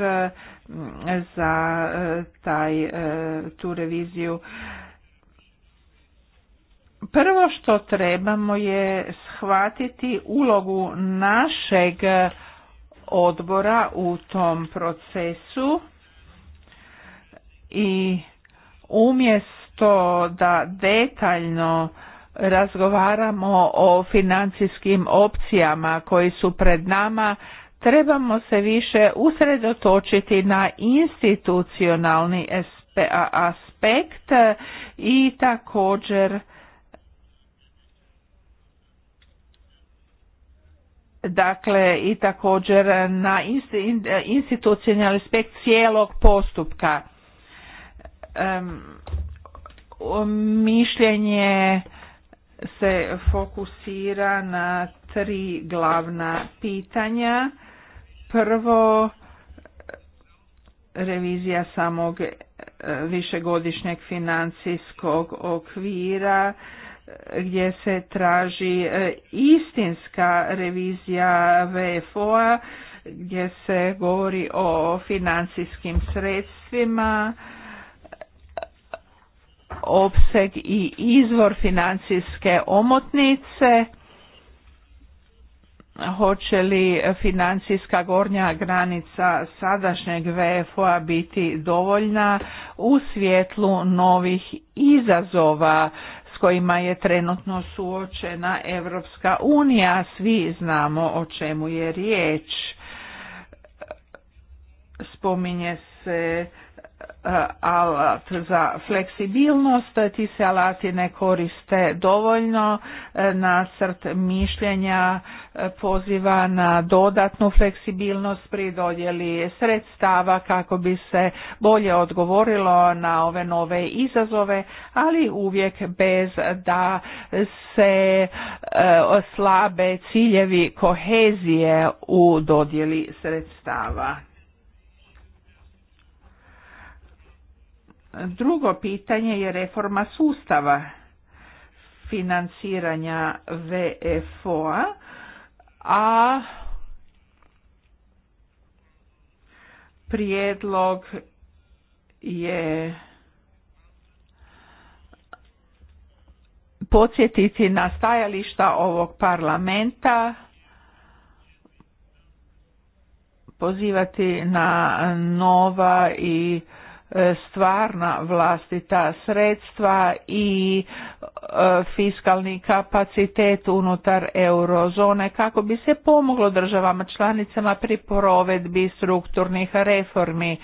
mm, za e, taj, e, tu reviziju. Prvo što trebamo je shvatiti ulogu našeg odbora u tom procesu i umjesto da detaljno razgovaramo o financijskim opcijama koji su pred nama trebamo se više usredotočiti na institucionalni aspekt e, i također dakle i također na e, institucionalni aspekt cijelog postupka mišljenje se fokusira na tri glavna pitanja Prvo, revizija samog e, višegodišnjeg financijskog okvira e, gdje se traži e, istinska revizija VFO-a gdje se govori o financijskim sredstvima, opseg i izvor financijske omotnice hoće li financijska gornja granica sadašnjeg VFO-a biti dovoljna u svjetlu novih izazova s kojima je trenutno suočena Europska unija. Svi znamo o čemu je riječ. Spominje se E, alat za fleksibilnost, ti se alati ne koriste dovoljno, e, nacrt mišljenja e, poziva na dodatnu fleksibilnost pri dodjeli sredstava kako bi se bolje odgovorilo na ove nove izazove, ali uvijek bez da se slabe ciljevi kohezije u dodjeli sredstava. Drugo pitanje je reforma sustava financiranja VFO-a, a prijedlog je podsjetiti na stajališta ovog parlamenta, pozivati na nova i E, stvarna vlastita sredstva i e, fiskalni kapacitet unutar eurozone kako bi se pomoglo državama članicama pri provedbi strukturnih reformi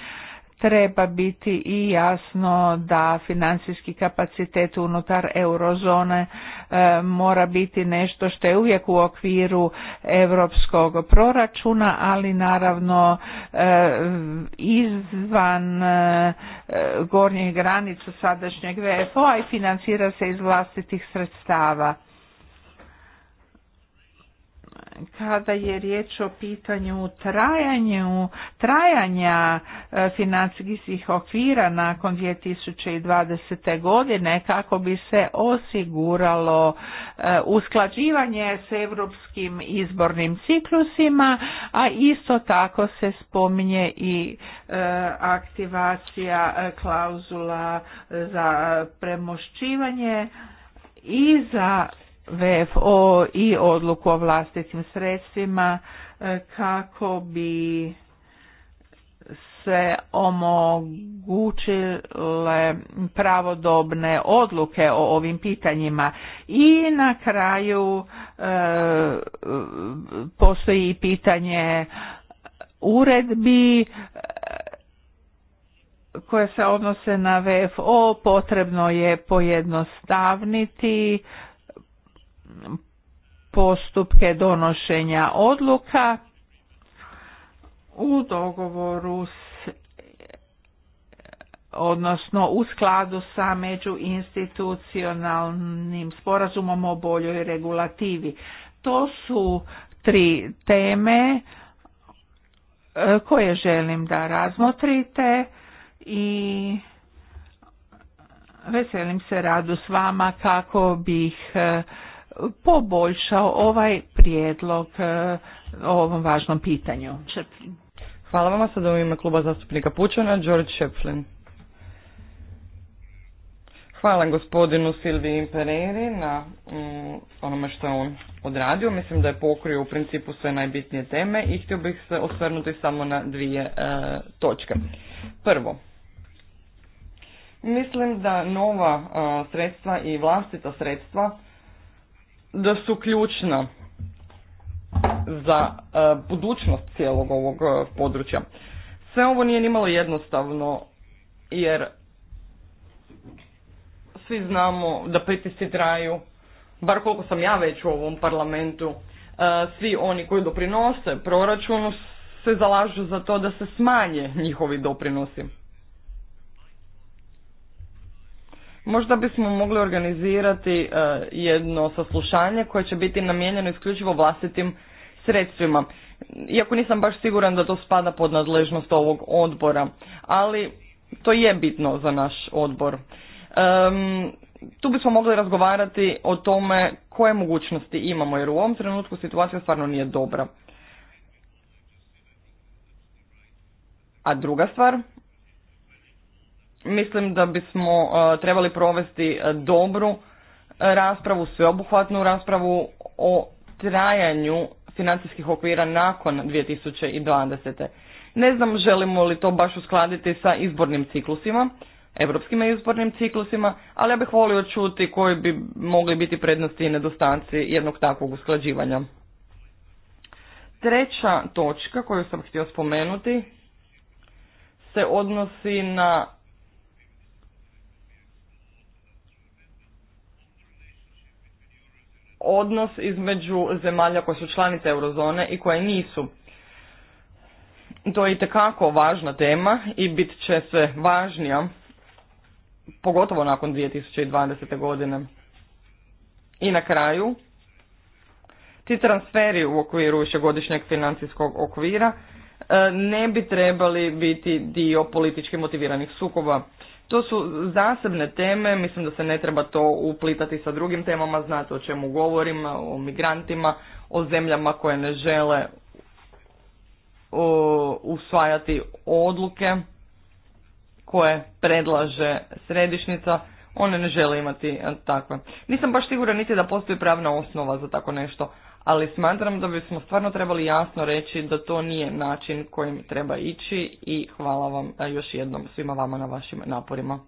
treba biti i jasno da financijski kapacitet unutar eurozone e, mora biti nešto što je uvijek u okviru europskog proračuna, ali naravno e, izvan e, gornjih granica sadašnjeg VFO-a i financira se iz vlastitih sredstava kada je riječ o pitanju trajanju, trajanja e, financijskih okvira nakon 2020. godine kako bi se osiguralo e, usklađivanje s europskim izbornim ciklusima, a isto tako se spominje i e, aktivacija klauzula za premošćivanje i za VFO i odluku o vlastitim sredstvima e, kako bi se omogućile pravodobne odluke o ovim pitanjima. I na kraju e, postoji pitanje uredbi e, koje se odnose na VFO potrebno je pojednostavniti postupke donošenja odluka u dogovoru s odnosno u skladu sa međuinstitucionalnim sporazumom o boljoj regulativi. To su tri teme e, koje želim da razmotrite i veselim se radu s vama kako bih e, poboljšao ovaj prijedlog e, o ovom važnom pitanju. Hvala vam sada u ime kluba zastupnika Pučana, George Šeplin. Hvala gospodinu Silvi Impereri na mm, onome što je on odradio. Mislim da je pokrio u principu sve najbitnije teme i htio bih se osvrnuti samo na dvije e, točke. Prvo, mislim da nova e, sredstva i vlastita sredstva da su ključna za e, budućnost cijelog ovog e, područja. Sve ovo nije nimalo jednostavno jer svi znamo da pritisci traju, bar koliko sam ja već u ovom parlamentu, e, svi oni koji doprinose proračunu se zalažu za to da se smanje njihovi doprinosi. Možda bismo mogli organizirati e, jedno saslušanje koje će biti namijenjeno isključivo vlastitim sredstvima. Iako nisam baš siguran da to spada pod nadležnost ovog odbora, ali to je bitno za naš odbor. Um, tu bismo mogli razgovarati o tome koje mogućnosti imamo, jer u ovom trenutku situacija stvarno nije dobra. A druga stvar, mislim da bismo e, trebali provesti e, dobru e, raspravu, sveobuhvatnu raspravu o trajanju financijskih okvira nakon 2020. Ne znam želimo li to baš uskladiti sa izbornim ciklusima, europskim izbornim ciklusima, ali ja bih volio čuti koji bi mogli biti prednosti i nedostanci jednog takvog usklađivanja. Treća točka koju sam htio spomenuti se odnosi na odnos između zemalja koje su članice eurozone i koje nisu. To je itekako važna tema i bit će sve važnija, pogotovo nakon 2020. godine. I na kraju, ti transferi u okviru višegodišnjeg financijskog okvira e, ne bi trebali biti dio politički motiviranih sukoba. To su zasebne teme, mislim da se ne treba to uplitati sa drugim temama, znate o čemu govorim, o migrantima, o zemljama koje ne žele o, usvajati odluke koje predlaže središnica, one ne žele imati e, takve. Nisam baš sigura niti da postoji pravna osnova za tako nešto, ali smatram da bismo stvarno trebali jasno reći da to nije način kojim treba ići i hvala vam e, još jednom svima vama na vašim naporima.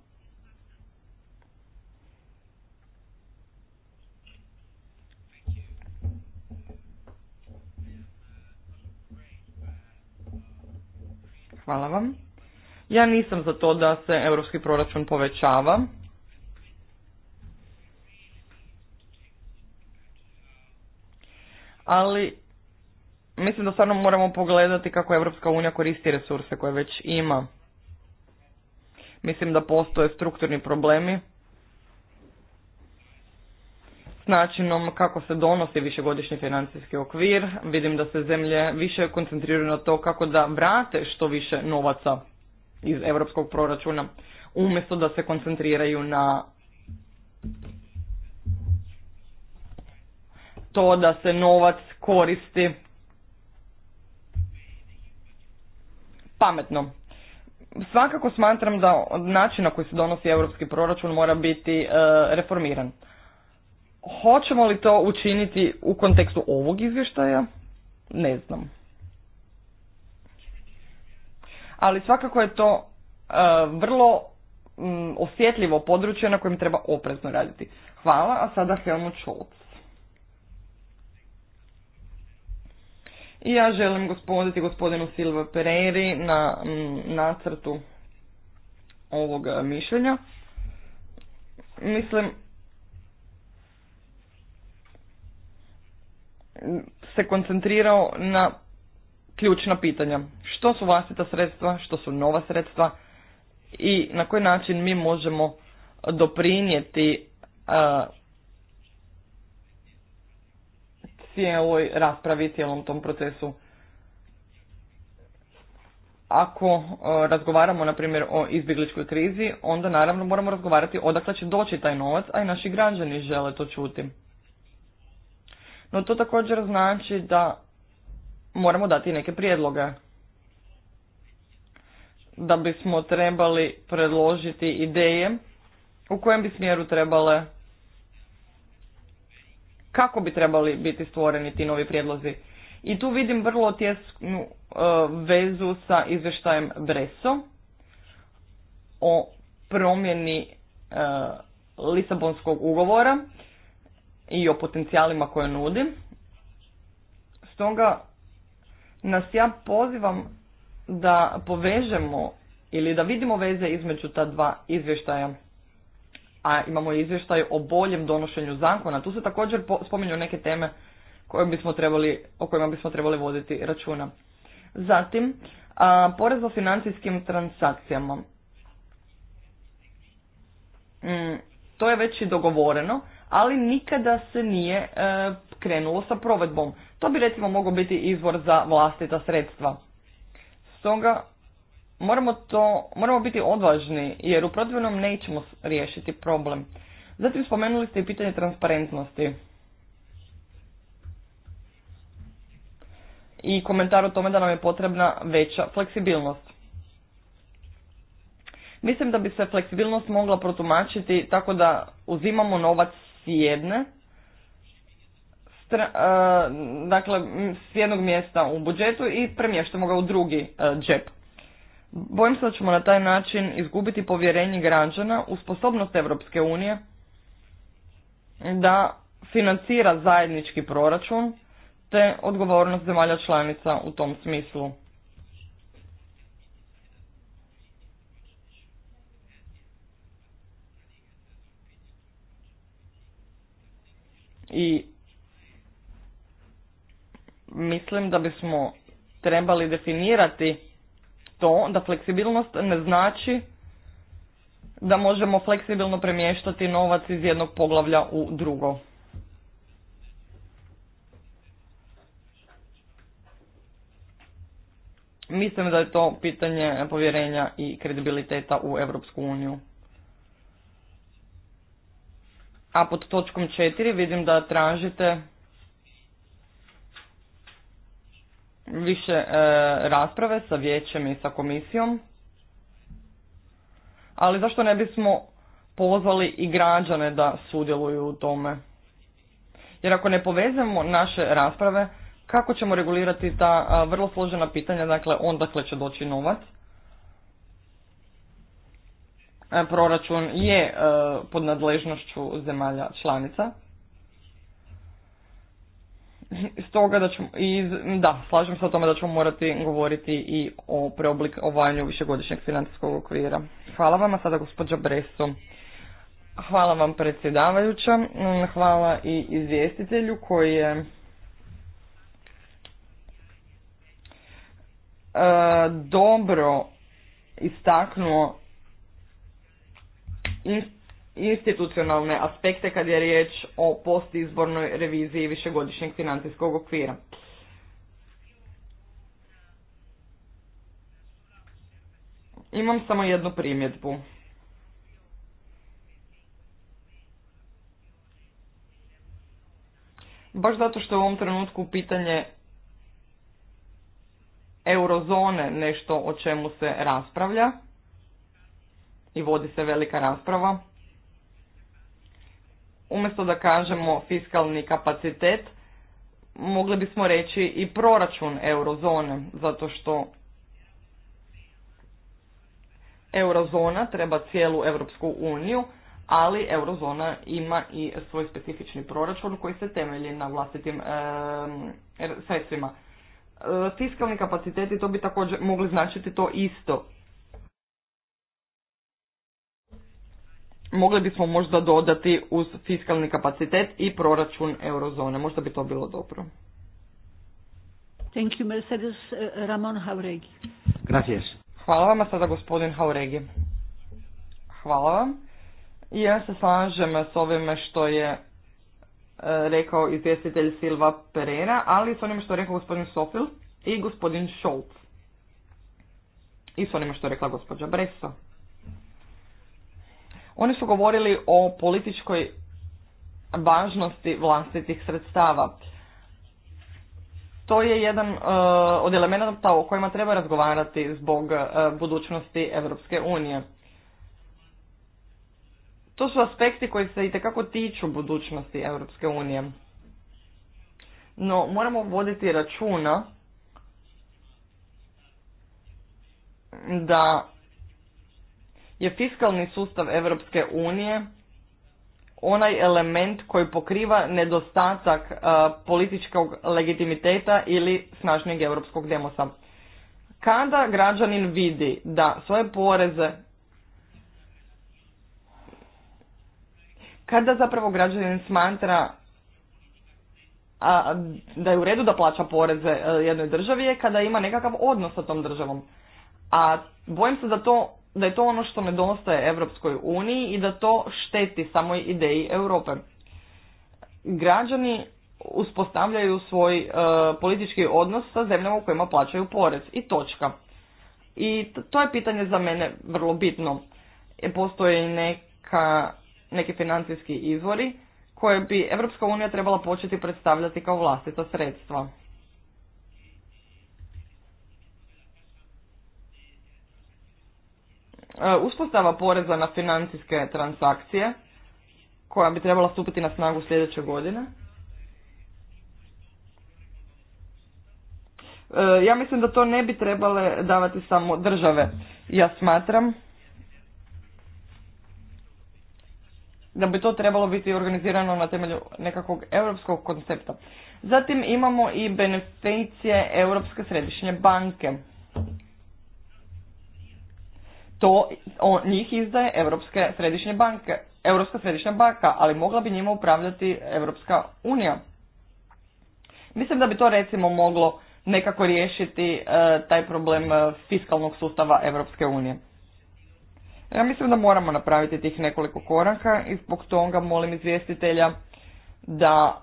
Hvala vam. Ja nisam za to da se europski proračun povećava. ali mislim da stvarno moramo pogledati kako Europska unija koristi resurse koje već ima. Mislim da postoje strukturni problemi s načinom kako se donosi višegodišnji financijski okvir. Vidim da se zemlje više koncentriraju na to kako da vrate što više novaca iz europskog proračuna umjesto da se koncentriraju na to da se novac koristi pametno. Svakako smatram da način na koji se donosi europski proračun mora biti e, reformiran. Hoćemo li to učiniti u kontekstu ovog izvještaja? Ne znam. Ali svakako je to e, vrlo osjetljivo područje na kojem treba oprezno raditi. Hvala, a sada Helmut Scholz. I ja želim gospoditi gospodinu Silva Pereri na mm, nacrtu ovog mišljenja. Mislim, se koncentrirao na ključna pitanja. Što su vlastita sredstva, što su nova sredstva i na koji način mi možemo doprinijeti cijeloj raspravi, cijelom tom procesu. Ako e, razgovaramo, na primjer, o izbjegličkoj krizi, onda naravno moramo razgovarati odakle će doći taj novac, a i naši građani žele to čuti. No to također znači da moramo dati neke prijedloge. Da bismo trebali predložiti ideje u kojem bi smjeru trebale kako bi trebali biti stvoreni ti novi prijedlozi. I tu vidim vrlo tjesnu e, vezu sa izvještajem Breso o promjeni e, Lisabonskog ugovora i o potencijalima koje nudi. Stoga nas ja pozivam da povežemo ili da vidimo veze između ta dva izvještaja a imamo izvještaj o boljem donošenju zakona. Tu se također spominju neke teme koje bismo trebali, o kojima bismo trebali voditi računa. Zatim, a, porez o financijskim transakcijama. Mm, to je već i dogovoreno, ali nikada se nije e, krenulo sa provedbom. To bi recimo mogao biti izvor za vlastita sredstva. Stoga moramo, to, moramo biti odvažni jer u protivnom nećemo riješiti problem. Zatim spomenuli ste i pitanje transparentnosti. I komentar o tome da nam je potrebna veća fleksibilnost. Mislim da bi se fleksibilnost mogla protumačiti tako da uzimamo novac s jedne, e, dakle s jednog mjesta u budžetu i premještamo ga u drugi e, džep. Bojim se da ćemo na taj način izgubiti povjerenje građana u sposobnost Europske unije da financira zajednički proračun te odgovornost zemalja članica u tom smislu. I mislim da bismo trebali definirati to da fleksibilnost ne znači da možemo fleksibilno premještati novac iz jednog poglavlja u drugo. Mislim da je to pitanje povjerenja i kredibiliteta u Europsku uniju. A pod točkom 4 vidim da tražite više e, rasprave sa vijećem i sa komisijom. Ali zašto ne bismo pozvali i građane da sudjeluju u tome? Jer ako ne povezemo naše rasprave, kako ćemo regulirati ta vrlo složena pitanja, dakle ondakle će doći novac? E, proračun je e, pod nadležnošću zemalja članica. Stoga da ćemo, iz da, slažem se o tome da ćemo morati govoriti i o preoblikovanju višegodišnjeg financijskog okvira. Hvala vam, a sada gospođa Breso. Hvala vam predsjedavajuća, mm, hvala i izvjestitelju koji je e, dobro istaknuo institucionalne aspekte kad je riječ o postizbornoj reviziji višegodišnjeg financijskog okvira. Imam samo jednu primjedbu. Baš zato što je u ovom trenutku pitanje eurozone nešto o čemu se raspravlja i vodi se velika rasprava umjesto da kažemo fiskalni kapacitet, mogli bismo reći i proračun eurozone, zato što eurozona treba cijelu Europsku uniju, ali eurozona ima i svoj specifični proračun koji se temelji na vlastitim e, sredstvima. fiskalni kapaciteti to bi također mogli značiti to isto. mogli bismo možda dodati uz fiskalni kapacitet i proračun eurozone. Možda bi to bilo dobro. Thank you, Mercedes uh, Ramon Hauregi. Gracias. Hvala vam, sada gospodin Hauregi. Hvala vam. I ja se slažem s ovime što je e, rekao izvjestitelj Silva Perena, ali s onim što je rekao gospodin Sofil i gospodin Scholz. I s onim što je rekla gospođa Bressa. Oni su govorili o političkoj važnosti vlastitih sredstava. To je jedan e, od elemenata o kojima treba razgovarati zbog e, budućnosti Europske unije. To su aspekti koji se itekako tiču budućnosti Europske unije. No, moramo voditi računa da je fiskalni sustav Europske unije onaj element koji pokriva nedostatak e, političkog legitimiteta ili snažnijeg europskog demosa. Kada građanin vidi da svoje poreze kada zapravo građanin smatra a, da je u redu da plaća poreze e, jednoj državi je kada ima nekakav odnos sa tom državom. A bojim se da to da je to ono što nedostaje Europskoj uniji i da to šteti samoj ideji Europe. Građani uspostavljaju svoj e, politički odnos sa zemljama u kojima plaćaju porez i točka. I to je pitanje za mene vrlo bitno. E, postoje neka, neki financijski izvori koje bi Europska unija trebala početi predstavljati kao vlastita sredstva. E, uspostava poreza na financijske transakcije, koja bi trebala stupiti na snagu sljedeće godine, e, ja mislim da to ne bi trebale davati samo države. Ja smatram da bi to trebalo biti organizirano na temelju nekakvog europskog koncepta. Zatim imamo i beneficije Europske središnje banke to on, njih izdaje Europske središnje banke, Europska središnja banka, ali mogla bi njima upravljati Europska unija. Mislim da bi to recimo moglo nekako riješiti e, taj problem e, fiskalnog sustava Europske unije. Ja mislim da moramo napraviti tih nekoliko koraka i zbog toga molim izvjestitelja da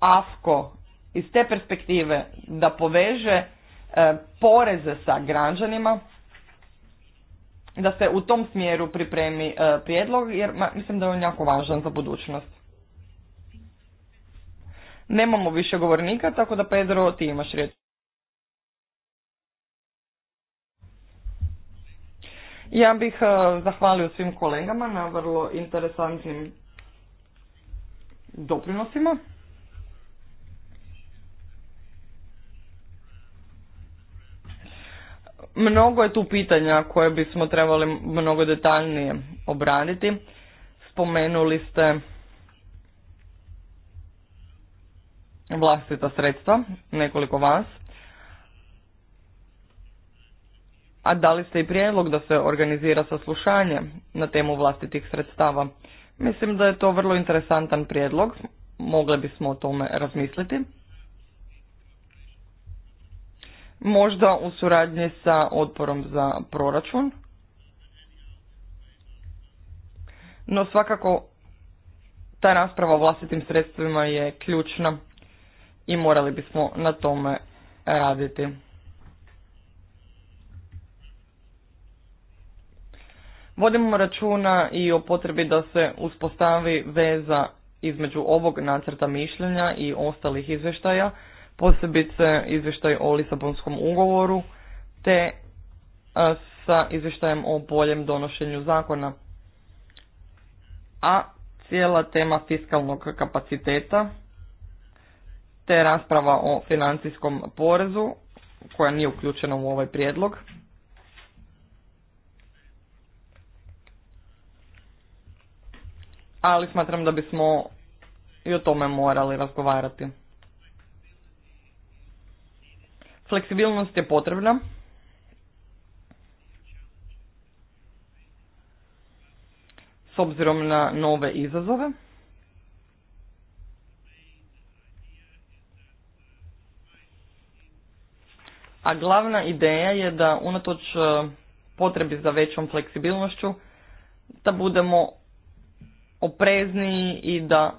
AFKO iz te perspektive da poveže e, poreze sa građanima, da se u tom smjeru pripremi e, prijedlog jer mislim da je on jako važan za budućnost. Nemamo više govornika, tako da Pedro ti imaš riječ. Ja bih e, zahvalio svim kolegama na vrlo interesantnim doprinosima. Mnogo je tu pitanja koje bismo trebali mnogo detaljnije obraditi. Spomenuli ste vlastita sredstva, nekoliko vas. A dali ste i prijedlog da se organizira saslušanje na temu vlastitih sredstava. Mislim da je to vrlo interesantan prijedlog, mogli bismo o tome razmisliti možda u suradnji sa odporom za proračun. No svakako ta rasprava o vlastitim sredstvima je ključna i morali bismo na tome raditi. Vodimo računa i o potrebi da se uspostavi veza između ovog nacrta mišljenja i ostalih izvještaja posebice izvještaj o Lisabonskom ugovoru, te e, sa izvještajem o boljem donošenju zakona. A cijela tema fiskalnog kapaciteta, te rasprava o financijskom porezu, koja nije uključena u ovaj prijedlog. Ali smatram da bismo i o tome morali razgovarati. Fleksibilnost je potrebna. S obzirom na nove izazove. A glavna ideja je da unatoč e, potrebi za većom fleksibilnošću da budemo oprezniji i da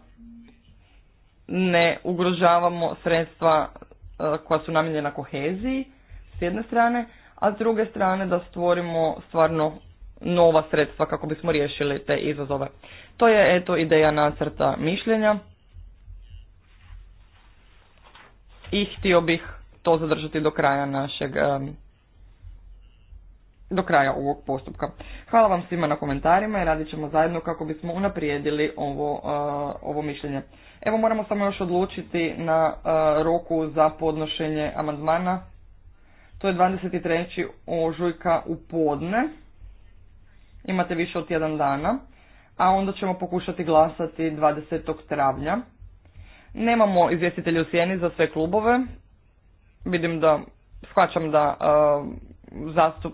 ne ugrožavamo sredstva Eh, koja su namijenjena koheziji s jedne strane, a s druge strane da stvorimo stvarno nova sredstva kako bismo riješili te izazove. To je eto ideja nacrta mišljenja i htio bih to zadržati do kraja našeg do kraja ovog postupka. Hvala vam svima na komentarima i radit ćemo zajedno kako bismo unaprijedili ovo, e, ovo mišljenje. Evo moramo samo još odlučiti na e, roku za podnošenje amandmana. To je 23. ožujka u podne. Imate više od tjedan dana. A onda ćemo pokušati glasati 20. travnja. Nemamo izvjestitelje u sjeni za sve klubove. Vidim da, shvaćam da e, zastup,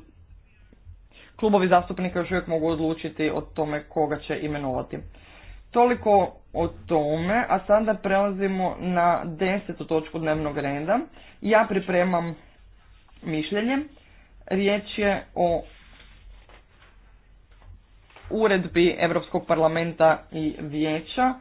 klubovi zastupnika još uvijek mogu odlučiti o tome koga će imenovati. Toliko o tome, a sada prelazimo na desetu točku dnevnog reda. Ja pripremam mišljenje. Riječ je o uredbi Europskog parlamenta i vijeća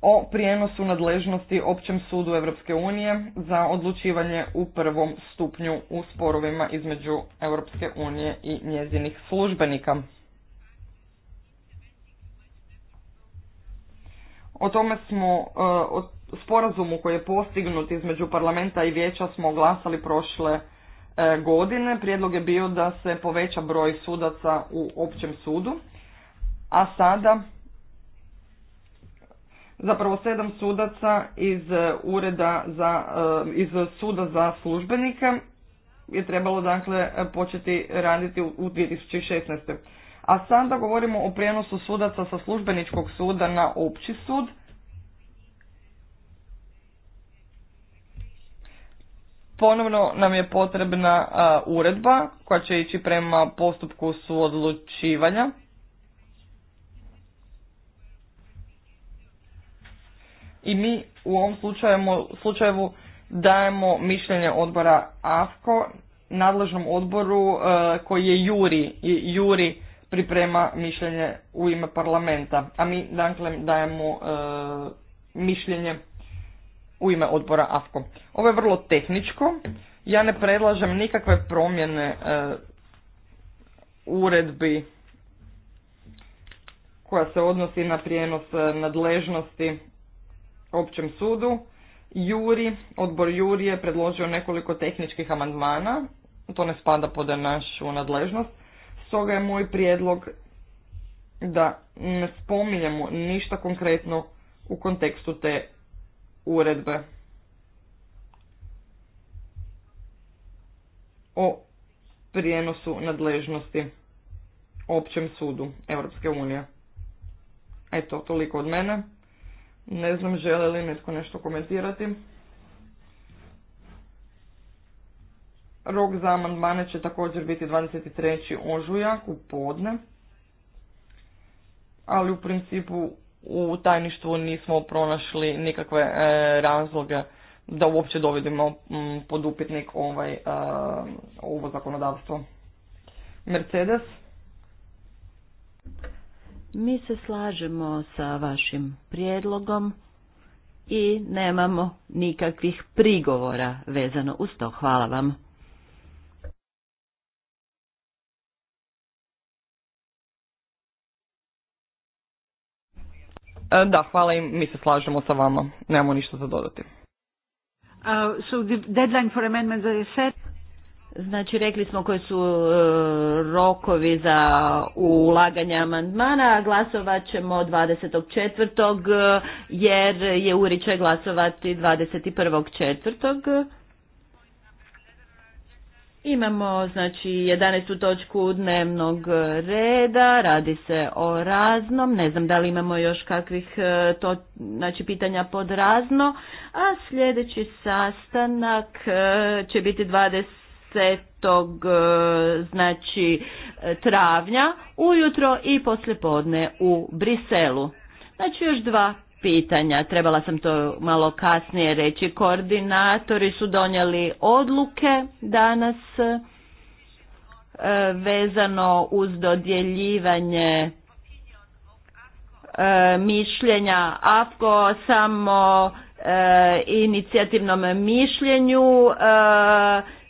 o prijenosu nadležnosti Općem sudu Europske unije za odlučivanje u prvom stupnju u sporovima između Europske unije i njezinih službenika. O tome smo, e, sporazumu koji je postignut između parlamenta i vijeća smo glasali prošle e, godine. Prijedlog je bio da se poveća broj sudaca u općem sudu, a sada zapravo sedam sudaca iz e, ureda za, e, iz suda za službenike je trebalo dakle početi raditi u 2016. A sada govorimo o prijenosu sudaca sa službeničkog suda na opći sud. Ponovno nam je potrebna e, uredba koja će ići prema postupku suodlučivanja. i mi u ovom slučaju, dajemo mišljenje odbora AFKO nadležnom odboru e, koji je Juri i Juri priprema mišljenje u ime parlamenta, a mi dakle dajemo e, mišljenje u ime odbora AFKO. Ovo je vrlo tehničko, ja ne predlažem nikakve promjene e, uredbi koja se odnosi na prijenos nadležnosti općem sudu. Juri, odbor Juri je predložio nekoliko tehničkih amandmana, to ne spada pod našu nadležnost, stoga je moj prijedlog da ne spominjemo ništa konkretno u kontekstu te uredbe. O prijenosu nadležnosti općem sudu Europske unije. Eto, toliko od mene. Ne znam žele li netko nešto komentirati. Rok za amandmane će također biti 23. ožujak u podne, ali u principu u tajništvu nismo pronašli nikakve e, razloge da uopće dovedemo pod upitnik ovaj, e, ovo zakonodavstvo. Mercedes. Mi se slažemo sa vašim prijedlogom i nemamo nikakvih prigovora vezano uz to. Hvala vam. E, da, hvala im, mi se slažemo sa vama, nemamo ništa za dodati. Uh, so the deadline for amendments set. Znači, rekli smo koji su e, rokovi za ulaganje amandmana, glasovat ćemo 24. E, jer je uričaj će glasovati 21.4. Imamo znači 11. točku dnevnog reda, radi se o raznom, ne znam da li imamo još kakvih e, to, znači, pitanja pod razno, a sljedeći sastanak će biti 20. E, znači e, travnja ujutro i poslijepodne u Briselu. Znači još dva pitanja, trebala sam to malo kasnije reći. Koordinatori su donijeli odluke danas e, vezano uz dodjeljivanje mišljenja ako samo E, inicijativnom mišljenju e,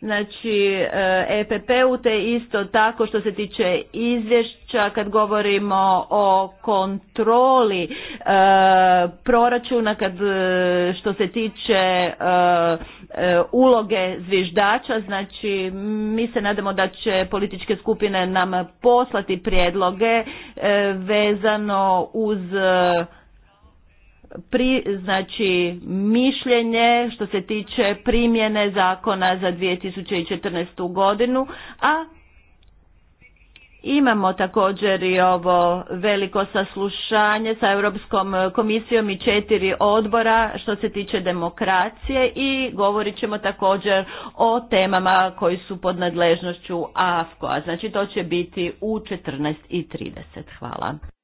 znači EPP-u e te isto tako što se tiče izvješća kad govorimo o kontroli proračuna kad što se tiče uloge zviždača znači mi se nadamo da će političke skupine nam poslati prijedloge vezano uz pri, znači mišljenje što se tiče primjene zakona za 2014. godinu, a Imamo također i ovo veliko saslušanje sa Europskom komisijom i četiri odbora što se tiče demokracije i govorit ćemo također o temama koji su pod nadležnošću AFKO-a. Znači to će biti u 14.30. Hvala.